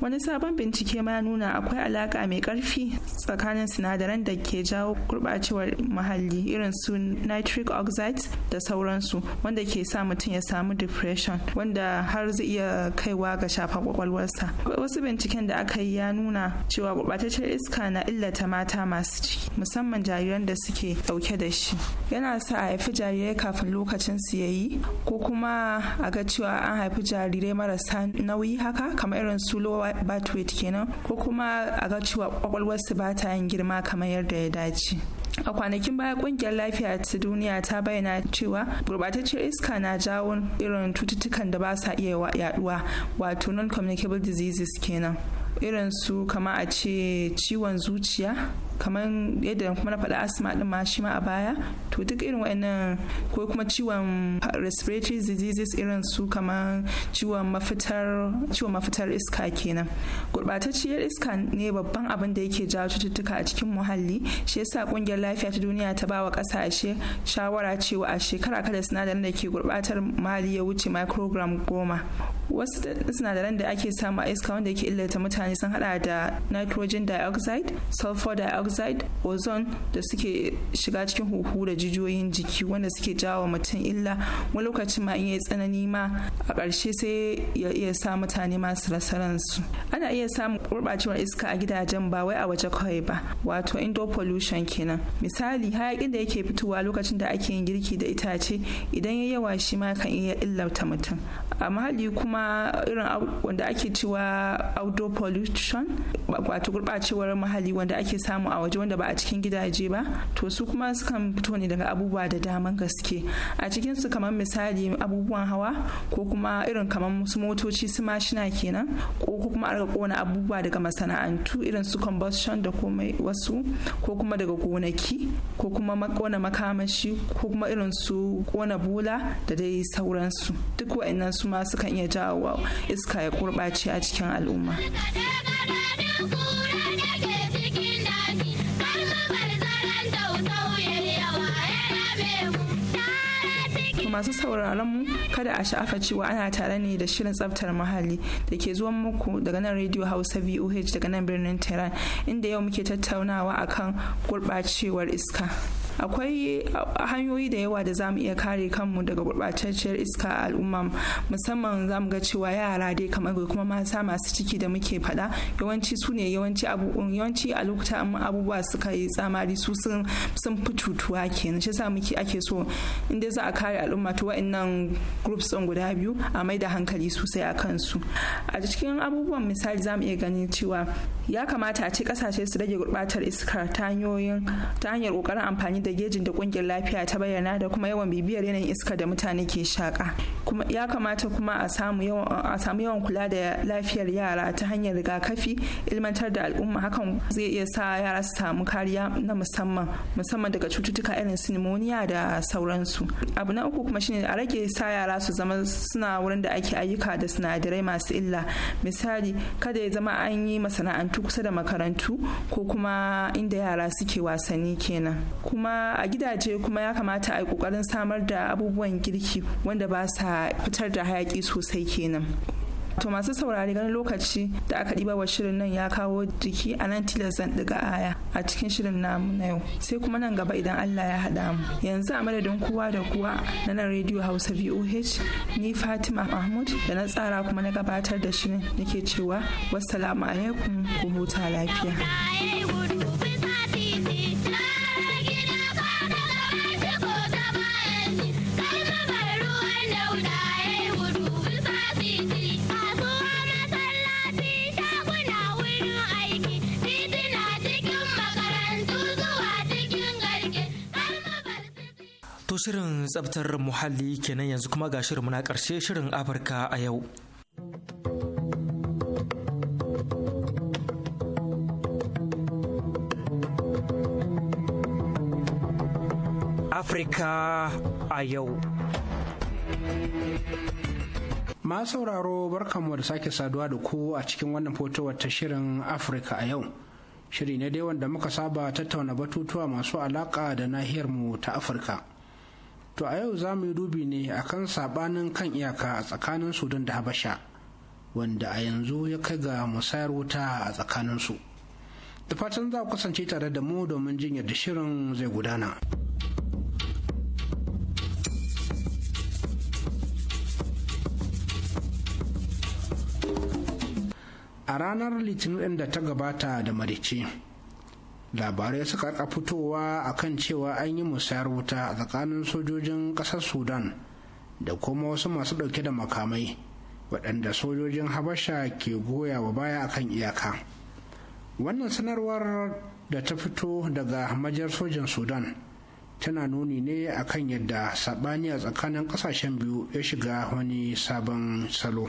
Speaker 8: wani sabon bincike ma nuna akwai alaka mai karfi tsakanin sinadaran da ke jawo gurɓacewar muhalli irin su nitric oxide da sauransu wanda ke sa mutum ya samu depression wanda har zai iya kaiwa ga shafa kwakwalwarsa wasu binciken da aka yi ya nuna cewa gurbataccen iska na illata mata masu ciki musamman jariran da suke dauke da shi yana sa a haifi jarirai kafin lokacin su yayi ko kuma a ga cewa an haifi jarirai marasa nauyi haka kamar irin su lowa birth kenan ko kuma a ga cewa kwakwalwarsu ba ta yin girma kamar yadda ya dace a kwanakin baya kungiyar lafiya ta duniya ta bayyana cewa gurbatacciyar iska na jawo irin cututtukan da ba sa iya yaduwa wato non communicable diseases kenan irin su kama a ce ciwon zuciya kamar yadda kuma faɗa asma din ma shi ma a baya to duk irin wa'annan ko kuma ciwon respiratory diseases irin su kamar ciwon mafitar ciwon mafitar iska kenan gurbatacciyar iska ne babban abin da yake jawo cututtuka a cikin muhalli shi yasa kungiyar lafiya ta duniya ta ba bawa kasashe shawara cewa a shekara kada sinadarin da ke gurbatar muhalli ya wuce microgram goma wasu sinadaran da ake samu a iska wanda ke illata mutane sun hada da nitrogen dioxide sulfur dioxide dioxide ozone da suke shiga cikin huhu da jijiyoyin jiki wanda suke jawo mutum illa wani lokaci ma in yi tsanani ma a ƙarshe sai ya iya sa mutane masu rasaransu ana iya samun gurɓacewar iska a gidajen ba wai a waje kawai ba wato indoor pollution kenan misali hayaƙin da yake fitowa lokacin da ake yin girki da itace idan ya yawa shi ma kan iya illata mutum a muhalli kuma irin wanda ake cewa outdoor pollution wato gurɓacewar muhalli wanda ake samu a waje wanda ba a cikin gidaje ba to su kuma sukan fito ne daga abubuwa da daman gaske a cikin su kamar misali abubuwan hawa ko kuma irin kamar su motoci su mashina kenan ko kuma a kona abubuwa daga masana'antu irin su combustion da komai wasu ko kuma daga gonaki ko kuma kona makamashi ko kuma irin su kona bola da dai sauransu duk wa'annan su ma sukan iya wa iska ya gurɓace a cikin al'umma masu sauraron mu kada a sha'afa cewa ana tare ne da shirin tsaftar muhalli da ke zuwan muku daga nan radio hausa voh daga nan birnin tehran inda yau muke tattaunawa akan gurɓacewar iska akwai hanyoyi da yawa da zamu iya kare kanmu daga gurɓatacciyar iska a al'umma musamman zamu ga cewa yara dai kamar kuma mata masu ciki da muke faɗa yawanci su ne yawanci yawanci a lokuta abubuwa suka yi tsamari su sun fi cutuwa kenan shi yasa muke ake so inda za a kare al'umma to wa'annan groups din guda biyu a mai da hankali sosai a kansu a cikin abubuwan misali zamu iya ganin cewa ya kamata a ce kasashe su rage gurbatar iska ta hanyoyin ta hanyar ƙoƙarin amfani da gejin da kungiyar lafiya ta bayyana da kuma yawan bibiyar yanayin iska da mutane ke shaka kuma ya kamata kuma a samu yawan a samu yawan kula da lafiyar yara ta hanyar rigakafi ilmantar da al'umma hakan zai iya sa yara su samu kariya na musamman musamman daga cututtuka irin su pneumonia da sauransu abu na uku kuma shine a rage sa yara su zama suna wurin da ake ayyuka da sinadarai masu illa misali kada ya zama an yi masana'antu kusa da makarantu ko kuma inda yara suke wasanni kenan kuma kuma a gidaje kuma ya kamata a yi kokarin samar da abubuwan girki wanda ba sa fitar da hayaki sosai kenan to masu saurari ganin lokaci da aka ɗiba wa shirin nan ya kawo jiki a nan tilas daga aya a cikin shirin namu na yau sai kuma nan gaba idan Allah ya haɗa mu yanzu a madadin kowa da kowa na nan rediyo Hausa VOH ni Fatima Mahmud da na tsara kuma na gabatar da shirin nake cewa wasu alaikum ku huta lafiya.
Speaker 2: shirin tsabtar muhalli kenan yanzu kuma ga shirin muna karshe shirin Afirka a yau.
Speaker 4: Afirka a yau. Ma sauraro barkanmu da sake saduwa da ku a cikin wannan fotowar ta shirin Afirka a yau. Shiri na dai wanda muka saba tattauna batutuwa masu alaka da nahiyarmu ta Afirka. to a yau za mu yi dubi ne akan sabanin kan iyaka a tsakanin sudan da habasha wanda a yanzu ya kai ga musayar wuta a tsakaninsu da fatan za ku kasance tare da mu domin jin yadda shirin zai gudana a ranar litinin da ta gabata da marice labarai suka a fitowa a kan cewa an yi musayar wuta a tsakanin sojojin ƙasar sudan da kuma wasu masu ɗauke da makamai waɗanda sojojin habasha ke goya wa baya akan iyaka wannan sanarwar da ta fito daga majar sojan sudan tana nuni ne a kan yadda saɓani a tsakanin ƙasashen biyu ya shiga wani sabon salo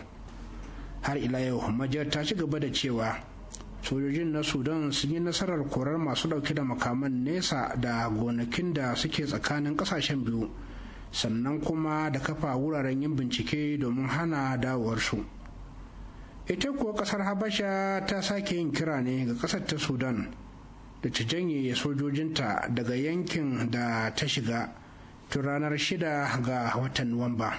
Speaker 4: har ila yau majar ta ci gaba da cewa sojojin na sudan sun yi nasarar korar masu dauke da makaman nesa da gonakin da suke tsakanin kasashen biyu sannan kuma da kafa wuraren yin bincike domin hana dawowarsu ita kuwa kasar habasha ta sake yin kira ne ga kasar ta sudan da ta janye sojojinta daga yankin da ta shiga tun ranar shida ga watan nuwamba.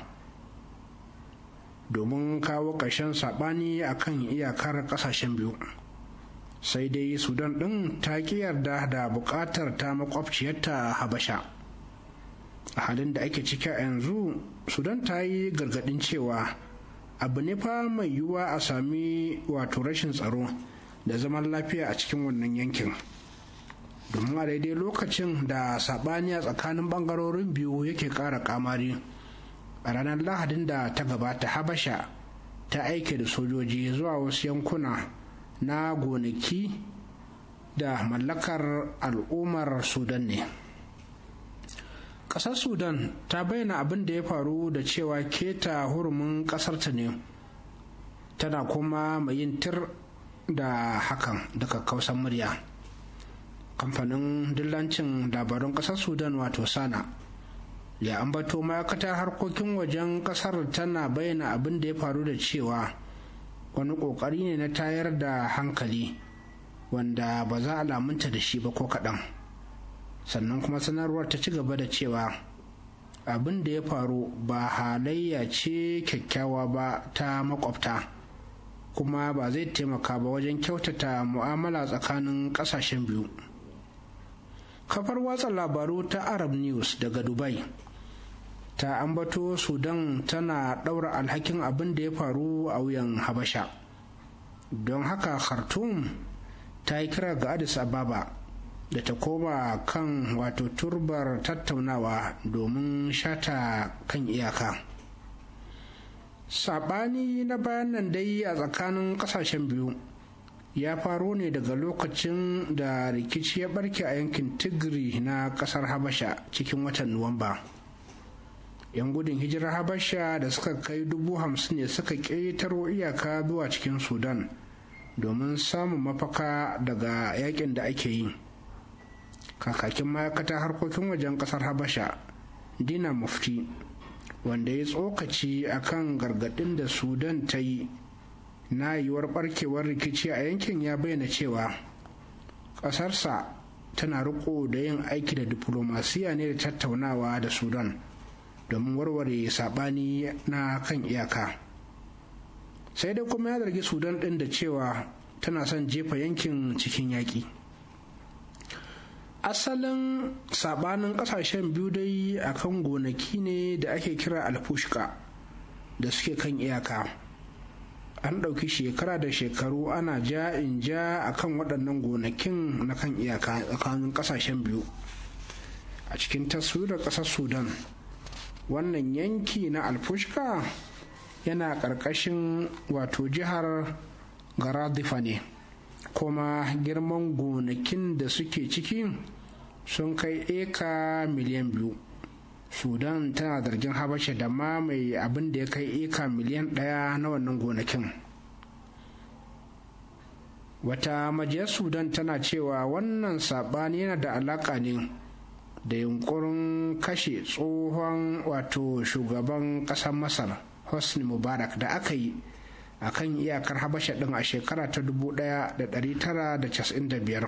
Speaker 4: domin kawo ƙarshen saɓani akan iyakar ƙasashen biyu sai dai sudan ɗin ta ƙi yarda da buƙatar ta makwabciyarta habasha a halin da ake ciki a yanzu sudan ta yi gargaɗin cewa abu ne fa mai yiwuwa a sami wato rashin tsaro da zaman lafiya a cikin wannan yankin domin a daidai lokacin da saɓani tsakanin ɓangarorin biyu yake ƙara kamari, a ranar lahadin da ta gabata habasha ta aike da sojoji zuwa wasu yankuna na gonaki da mallakar al'ummar sudan ne ƙasar sudan ta bayyana abin da ya faru da cewa keta hurumin ƙasarta ne tana kuma mai yin tir da hakan da kakkausan murya kamfanin dillancin labarun ƙasar sudan wato sana ya ambato ma'aikatar harkokin wajen ƙasar tana bayyana abin da ya faru da cewa wani kokari ne na tayar da hankali wanda ba za a lamunta da shi ba ko kaɗan sannan kuma sanarwar ta ci gaba da cewa abin da ya faru ba halayya ce kyakkyawa ba ta makwabta kuma ba zai taimaka ba wajen kyautata mu'amala tsakanin ƙasashen biyu kafar watsa labaru ta arab news daga dubai ta ambato sudan tana ɗaura alhakin abin da ya faru a wuyan habasha don haka khartoum ta yi kira ga addis ababa da ta koma kan wato turbar tattaunawa domin shata kan iyaka saɓani na bayan nan dai a tsakanin ƙasashen biyu ya faru ne daga lokacin da rikici ya barke a yankin tigri na ƙasar habasha cikin watan nuwamba. 'yan gudun hijirar habasha da suka kai dubu hamsin ne suka ƙetaro iyaka zuwa cikin sudan domin samun mafaka daga yakin da ake yi kakakin ma'aikatar harkokin wajen ƙasar habasha dina mufti wanda ya tsokaci a kan gargaɗin da sudan ta yi na yiwuwar ɓarkewar rikici a yankin ya bayyana cewa ƙasarsa tana riko da yin aiki da diplomasiya ne da tattaunawa da sudan domin warware sabani na kan iyaka sai dai kuma ya zargi sudan ɗin da cewa tana son jefa yankin cikin yaƙi asalin sabanin ƙasashen biyu dai akan gonaki ne da ake kira alfushka da suke kan iyaka an ɗauki shekara da shekaru ana ja in ja a kan waɗannan gonakin na kan iyaka tsakanin ƙasashen biyu a cikin taswirar ƙasar sudan wannan yanki na alfushka yana ƙarƙashin wato jihar garadifa ne kuma girman gonakin da suke ciki sun kai eka miliyan biyu sudan tana zargin habasha da ma mai abin da ya kai eka miliyan ɗaya na wannan gonakin wata majiyar sudan tana cewa wannan saɓani yana da alaƙa ne da yunkurin kashe tsohon wato shugaban ƙasar masar hosni mubarak da aka yi a kan iyakar habasha ɗin a shekara ta 1995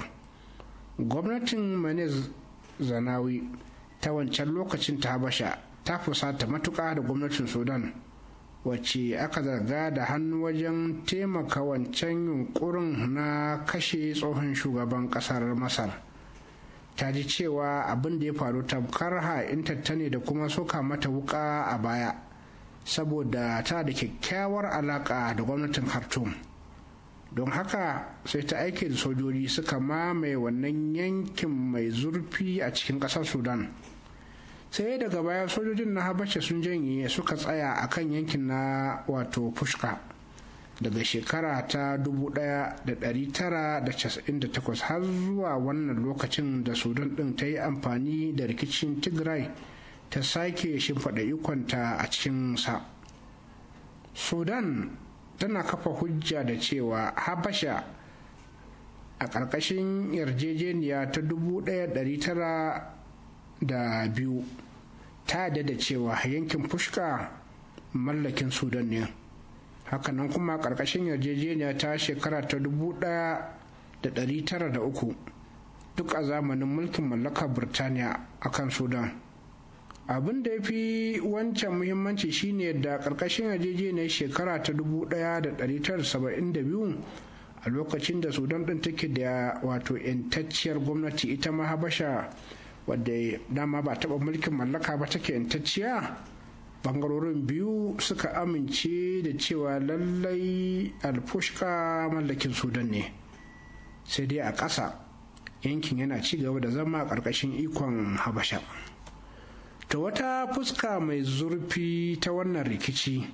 Speaker 4: gwamnatin manez zanawi ta wancan lokacin ta habasha ta fusata matuƙa da gwamnatin sudan wacce aka zarga da hannu wajen taimaka wancan yunkurin na kashe tsohon shugaban ƙasar masar ta ji cewa abin da ya faru tamkar ha'intatta ne da kuma soka mata wuka a baya saboda ta da kyakkyawar alaka da gwamnatin khartoum don haka sai ta aike da sojoji suka mamaye wannan yankin mai zurfi a cikin ƙasar sudan sai daga baya sojojin na habasha sun janye suka tsaya a kan yankin na wato fushka daga shekara ta 1998 har zuwa wannan lokacin da sudan ɗin ta yi amfani da rikicin tigray ta sake shimfiɗa ikonta a cikinsa sudan tana kafa hujja da cewa habasha a ƙarƙashin yarjejeniya ta da biyu, ta da cewa yankin Fushka mallakin sudan ne hakanan kuma karkashin yarjejeniya ta shekara ta 1903 duk a zamanin mulkin mallakar birtaniya a kan sudan abin da ya fi wancan muhimmanci shine da karkashin yarjejeniyar shekara ta 1972 a lokacin da sudan ɗin take da wato 'yantacciyar gwamnati ita ma habasha wadda dama ba taɓa mulkin mallaka ba take intacciya bangarorin biyu suka amince da cewa lallai alfushka mallakin sudan ne sai dai a ƙasa yankin yana ci gaba da zama ƙarƙashin ikon habasha ta wata fuska mai zurfi ta wannan rikici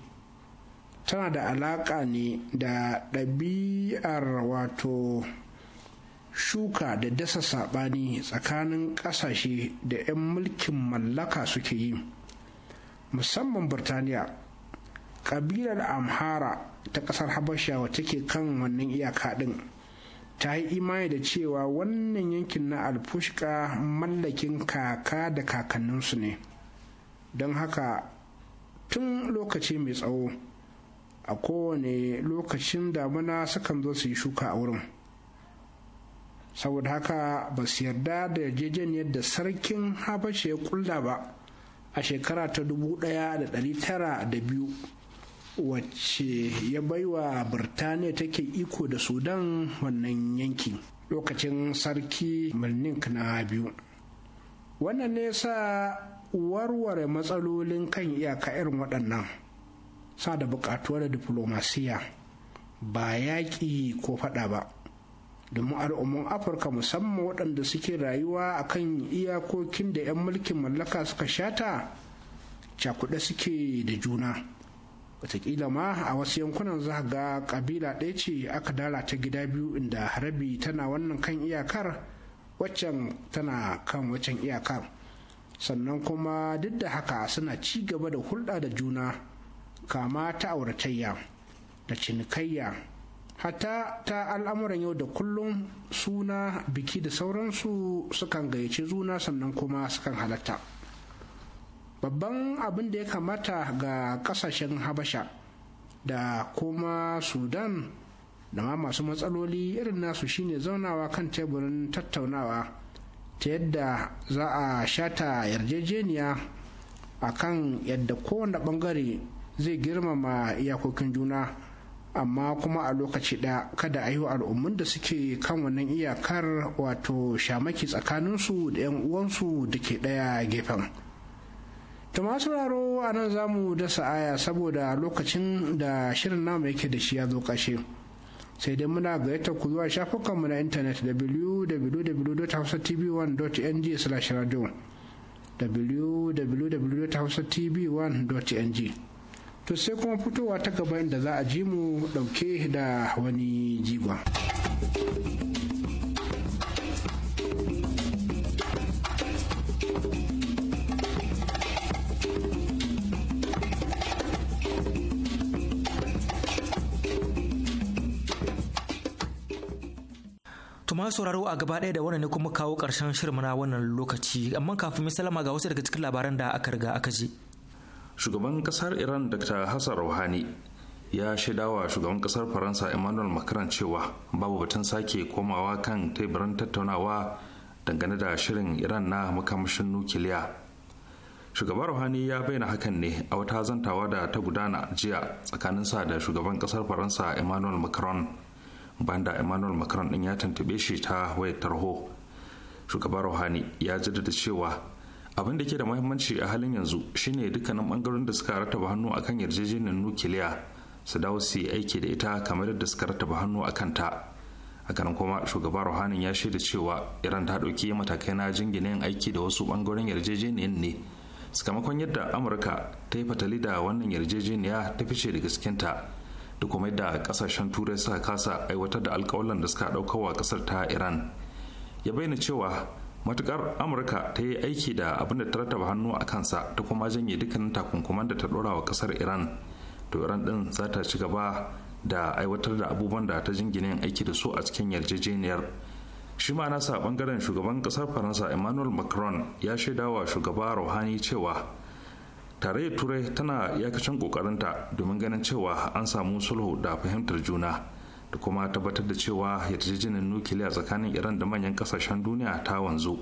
Speaker 4: tana da alaƙa ne da ɗabi'ar wato shuka da dasa saɓani tsakanin ƙasashe da 'yan mulkin mallaka suke yi musamman burtaniya ƙabilar amhara ta ƙasar habasha wacce ke kan wannan iyaka ɗin, ta yi imani da cewa wannan yankin na alfushka mallakin kaka da kakanninsu ne don haka tun lokaci mai tsawo a kowane lokacin damuna sukan zo su yi shuka a wurin saboda haka ba su yarda da yarjejeniyar da sarkin habasha ya kulla ba a shekara ta 1902 wacce ya baiwa birtaniya take iko da sudan wannan yanki lokacin sarki milnik na biyu wannan ne sa warware matsalolin kan iyaka irin waɗannan sa da buƙatuwar diplomasiya ba yaƙi ko faɗa ba domin al'ummun afirka musamman waɗanda suke rayuwa a kan iyakokin da 'yan mulkin mallaka suka shata cakuɗe suke da juna Wataƙila ma a wasu yankunan za ga ƙabila ɗaya ce aka dara ta gida biyu inda harabi tana wannan kan iyakar waccan tana kan waccan iyakar sannan kuma duk da haka suna ci gaba da hulɗa da juna kama ta auratayya da cinikayya hata ta al'amuran yau da kullum suna biki da sauransu sukan gayyace zuna sannan kuma sukan halatta babban abin da ya kamata ga kasashen habasha da kuma sudan da ma masu matsaloli irin nasu shine zaunawa kan teburin tattaunawa ta yadda za a shata yarjejeniya a kan yadda kowane bangare zai girmama iyakokin juna amma kuma a lokaci ɗaya kada a yi wa al'ummun da suke kan wannan iyakar wato shamaki tsakaninsu da 'yan uwansu da ke ɗaya gefen ta masu raro a nan za mu dasa aya saboda lokacin da shirin namu yake da shi ya zo ƙashe sai dai muna gayyata ku zuwa shafukanmu na intanet www.hausatv1.ng slash radio www.hausatv1.ng to sai kuma fitowa ta gaba inda za a ji mu ɗauke da wani jigon.
Speaker 2: kuma sauraro a gaba ɗaya da wannan ne kuma kawo ƙarshen shirma na wannan lokaci amma kafin misalama ga wasu daga cikin labaran da aka riga aka ji.
Speaker 3: shugaban kasar iran dr hassan rouhani ya shaida wa shugaban kasar faransa emmanuel macron cewa babu batun sake komawa kan teburan tattaunawa dangane da shirin iran na makamashin nukiliya shugaban ruhani ya bayyana hakan ne a wata zantawa da ta gudana jiya tsakaninsa da shugaban kasar faransa emmanuel macron banda emmanuel macron din ya tantube shi ta wayar tarho shugaban ruhani ya jaddada cewa abin da ke da muhimmanci a halin yanzu shine dukkanin bangarorin da suka rataba hannu akan yarjejeniyar nukiliya su dawo su yi aiki da ita kamar yadda suka rataba hannu a kanta hakanan kuma shugaba ruhanin ya shaida cewa iran ta ɗauki matakai na jinginin aiki da wasu bangarorin yarjejeniyar ne sakamakon yadda amurka ta yi fatali da wannan yarjejeniya ta fice da gaskinta da kuma yadda kasashen turai suka kasa aiwatar da alkawalan da suka wa ƙasar ta iran ya bayyana cewa matukar amurka ta yi aiki da abin da ta rattaba hannu a kansa ta kuma janye dukkanin takunkuman da ta dora wa kasar iran to iran din za ta ci gaba da aiwatar da abubuwan da ta jingine aiki da su a cikin yarjejeniyar shi ma nasa bangaren shugaban kasar faransa emmanuel macron ya shaida wa shugaba rohani cewa tarayyar turai tana iyakacin kokarinta domin ganin cewa an samu sulhu da fahimtar juna da kuma tabbatar da cewa yarjejeniyar nukiliya tsakanin iran da manyan kasashen duniya ta wanzu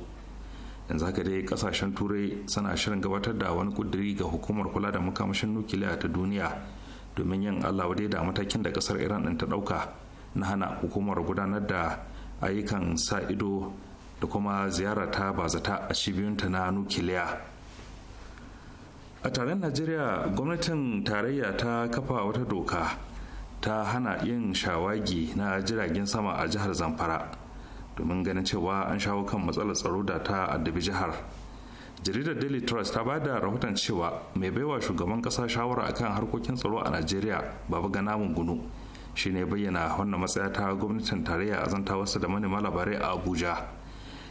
Speaker 3: yanzu haka dai kasashen turai suna shirin gabatar da wani kuduri ga hukumar kula da makamashin nukiliya ta duniya domin yin allah wadai da matakin da kasar iran ɗin ta ɗauka na hana hukumar gudanar da ayyukan sa ido da kuma ziyara ta bazata a cibiyunta na nukiliya a taron najeriya gwamnatin tarayya ta kafa wata doka ta hana yin shawagi na jiragen sama a jihar zamfara domin ganin cewa an shawo kan matsalar tsaro da ta addabi jihar jaridar daily trust ta bada rahoton cewa mai baiwa shugaban kasa shawara a kan harkokin tsaro a najeriya baba ganamun gunu shine bayyana wannan matsaya ta gwamnatin tarayya a wasu da manema labarai a abuja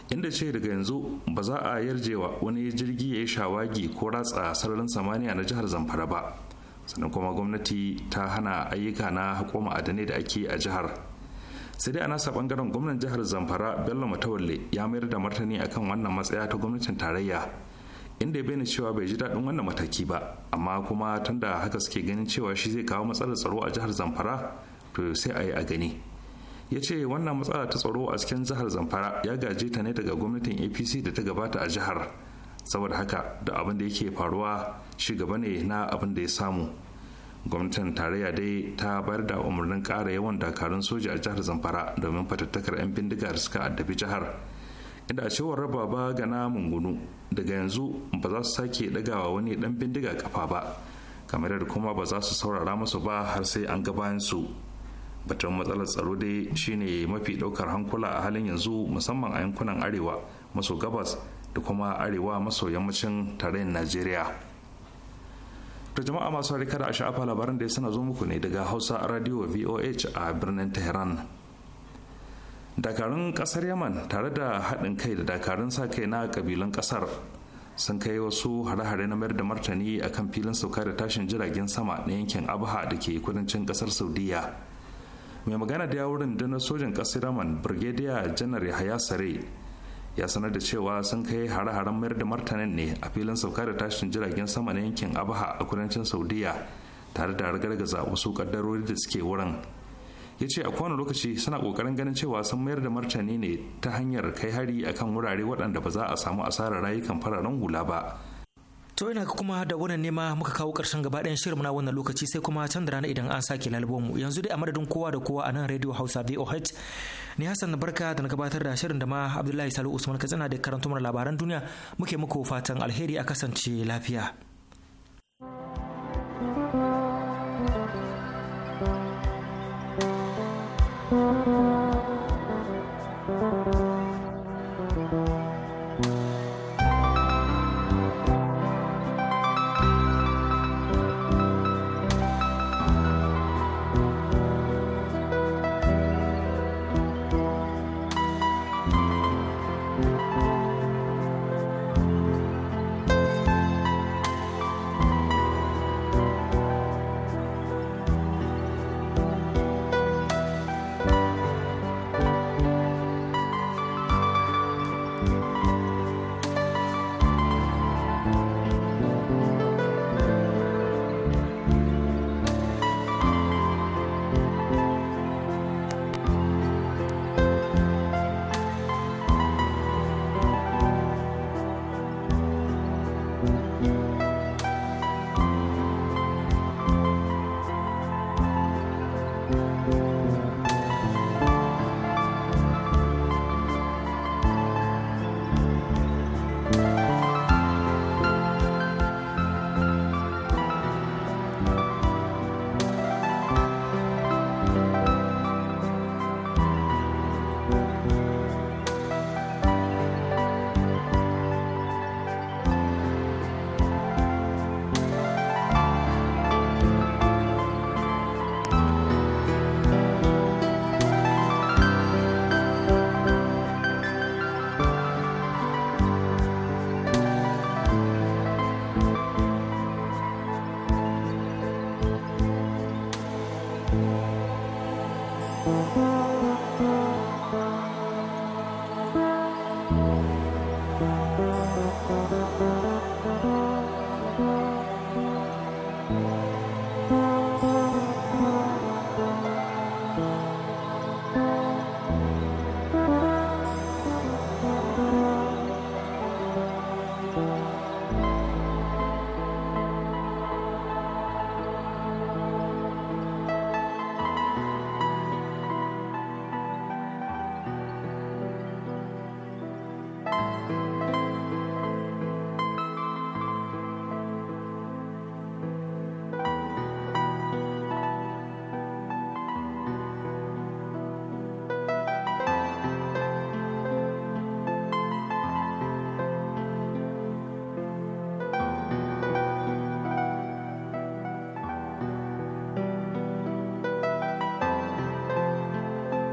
Speaker 3: inda ce daga yanzu ba za a yarjewa wani jirgi ya yi shawagi ko ratsa sararin samaniya na jihar zamfara ba sannan kuma gwamnati ta hana ayyuka na haƙo ma'adanai da ake a jihar sai dai a nasa bangaren gwamnan jihar zamfara bello matawalle ya mayar da martani akan wannan matsaya ta gwamnatin tarayya inda ya bayyana cewa bai ji daɗin wannan mataki ba amma kuma tunda haka suke ganin cewa shi zai kawo matsalar tsaro a jihar zamfara to sai a yi a gani ya ce wannan matsala ta tsaro a cikin jihar zamfara ya gaje ta ne daga gwamnatin apc da ta gabata a jihar saboda haka da abin da yake faruwa ci ne na abin da ya samu gwamnatin tarayya dai ta bayar da umarnin kara yawan dakarun soja a jihar zamfara domin fatattakar 'yan bindiga da suka addabi jihar inda a cewar raba ba gana mungunu daga yanzu ba za su sake ɗagawa wani ɗan bindiga kafa ba kamar da kuma ba za su saurara musu ba har sai an gabayan su batun matsalar tsaro dai shine mafi ɗaukar hankula a halin yanzu musamman a yankunan arewa maso gabas da kuma arewa maso yammacin tarayyar najeriya To jama'a masu harika da a sha'afa labaran da ya sana zo muku ne daga Hausa Radio VOH a birnin Tehran. Dakarun kasar Yaman tare da haɗin kai da dakarun sa kai na kabilan kasar sun kai wasu hare-hare na mayar da martani a kan filin sauka da tashin jiragen sama na yankin Abha da ke kudancin kasar Saudiya. Mai magana da yawurin da na sojan kasar Yaman Brigadier Janar Yahaya Sare ya sanar da cewa sun kai hare-haren mayar da martanin ne a filin sauka da tashin jiragen sama na yankin abaha a kudancin saudiya tare da ragargaza wasu kaddarori da suke wurin ya ce a kowane lokaci suna kokarin ganin cewa sun mayar da martani ne ta hanyar kai hari akan wurare waɗanda ba za a samu asarar rayukan fararen hula ba
Speaker 2: To ina kuma da wannan nema muka kawo ƙarshen gaba ɗayan shirin na wannan lokaci sai kuma can da rana idan an sake lalubo mu yanzu dai a madadin kowa da kowa a nan Radio Hausa VOH ni Hassan Barka da na gabatar da shirin da ma Abdullahi Salu Usman Katsina da karantumar labaran duniya muke muku fatan alheri a kasance lafiya.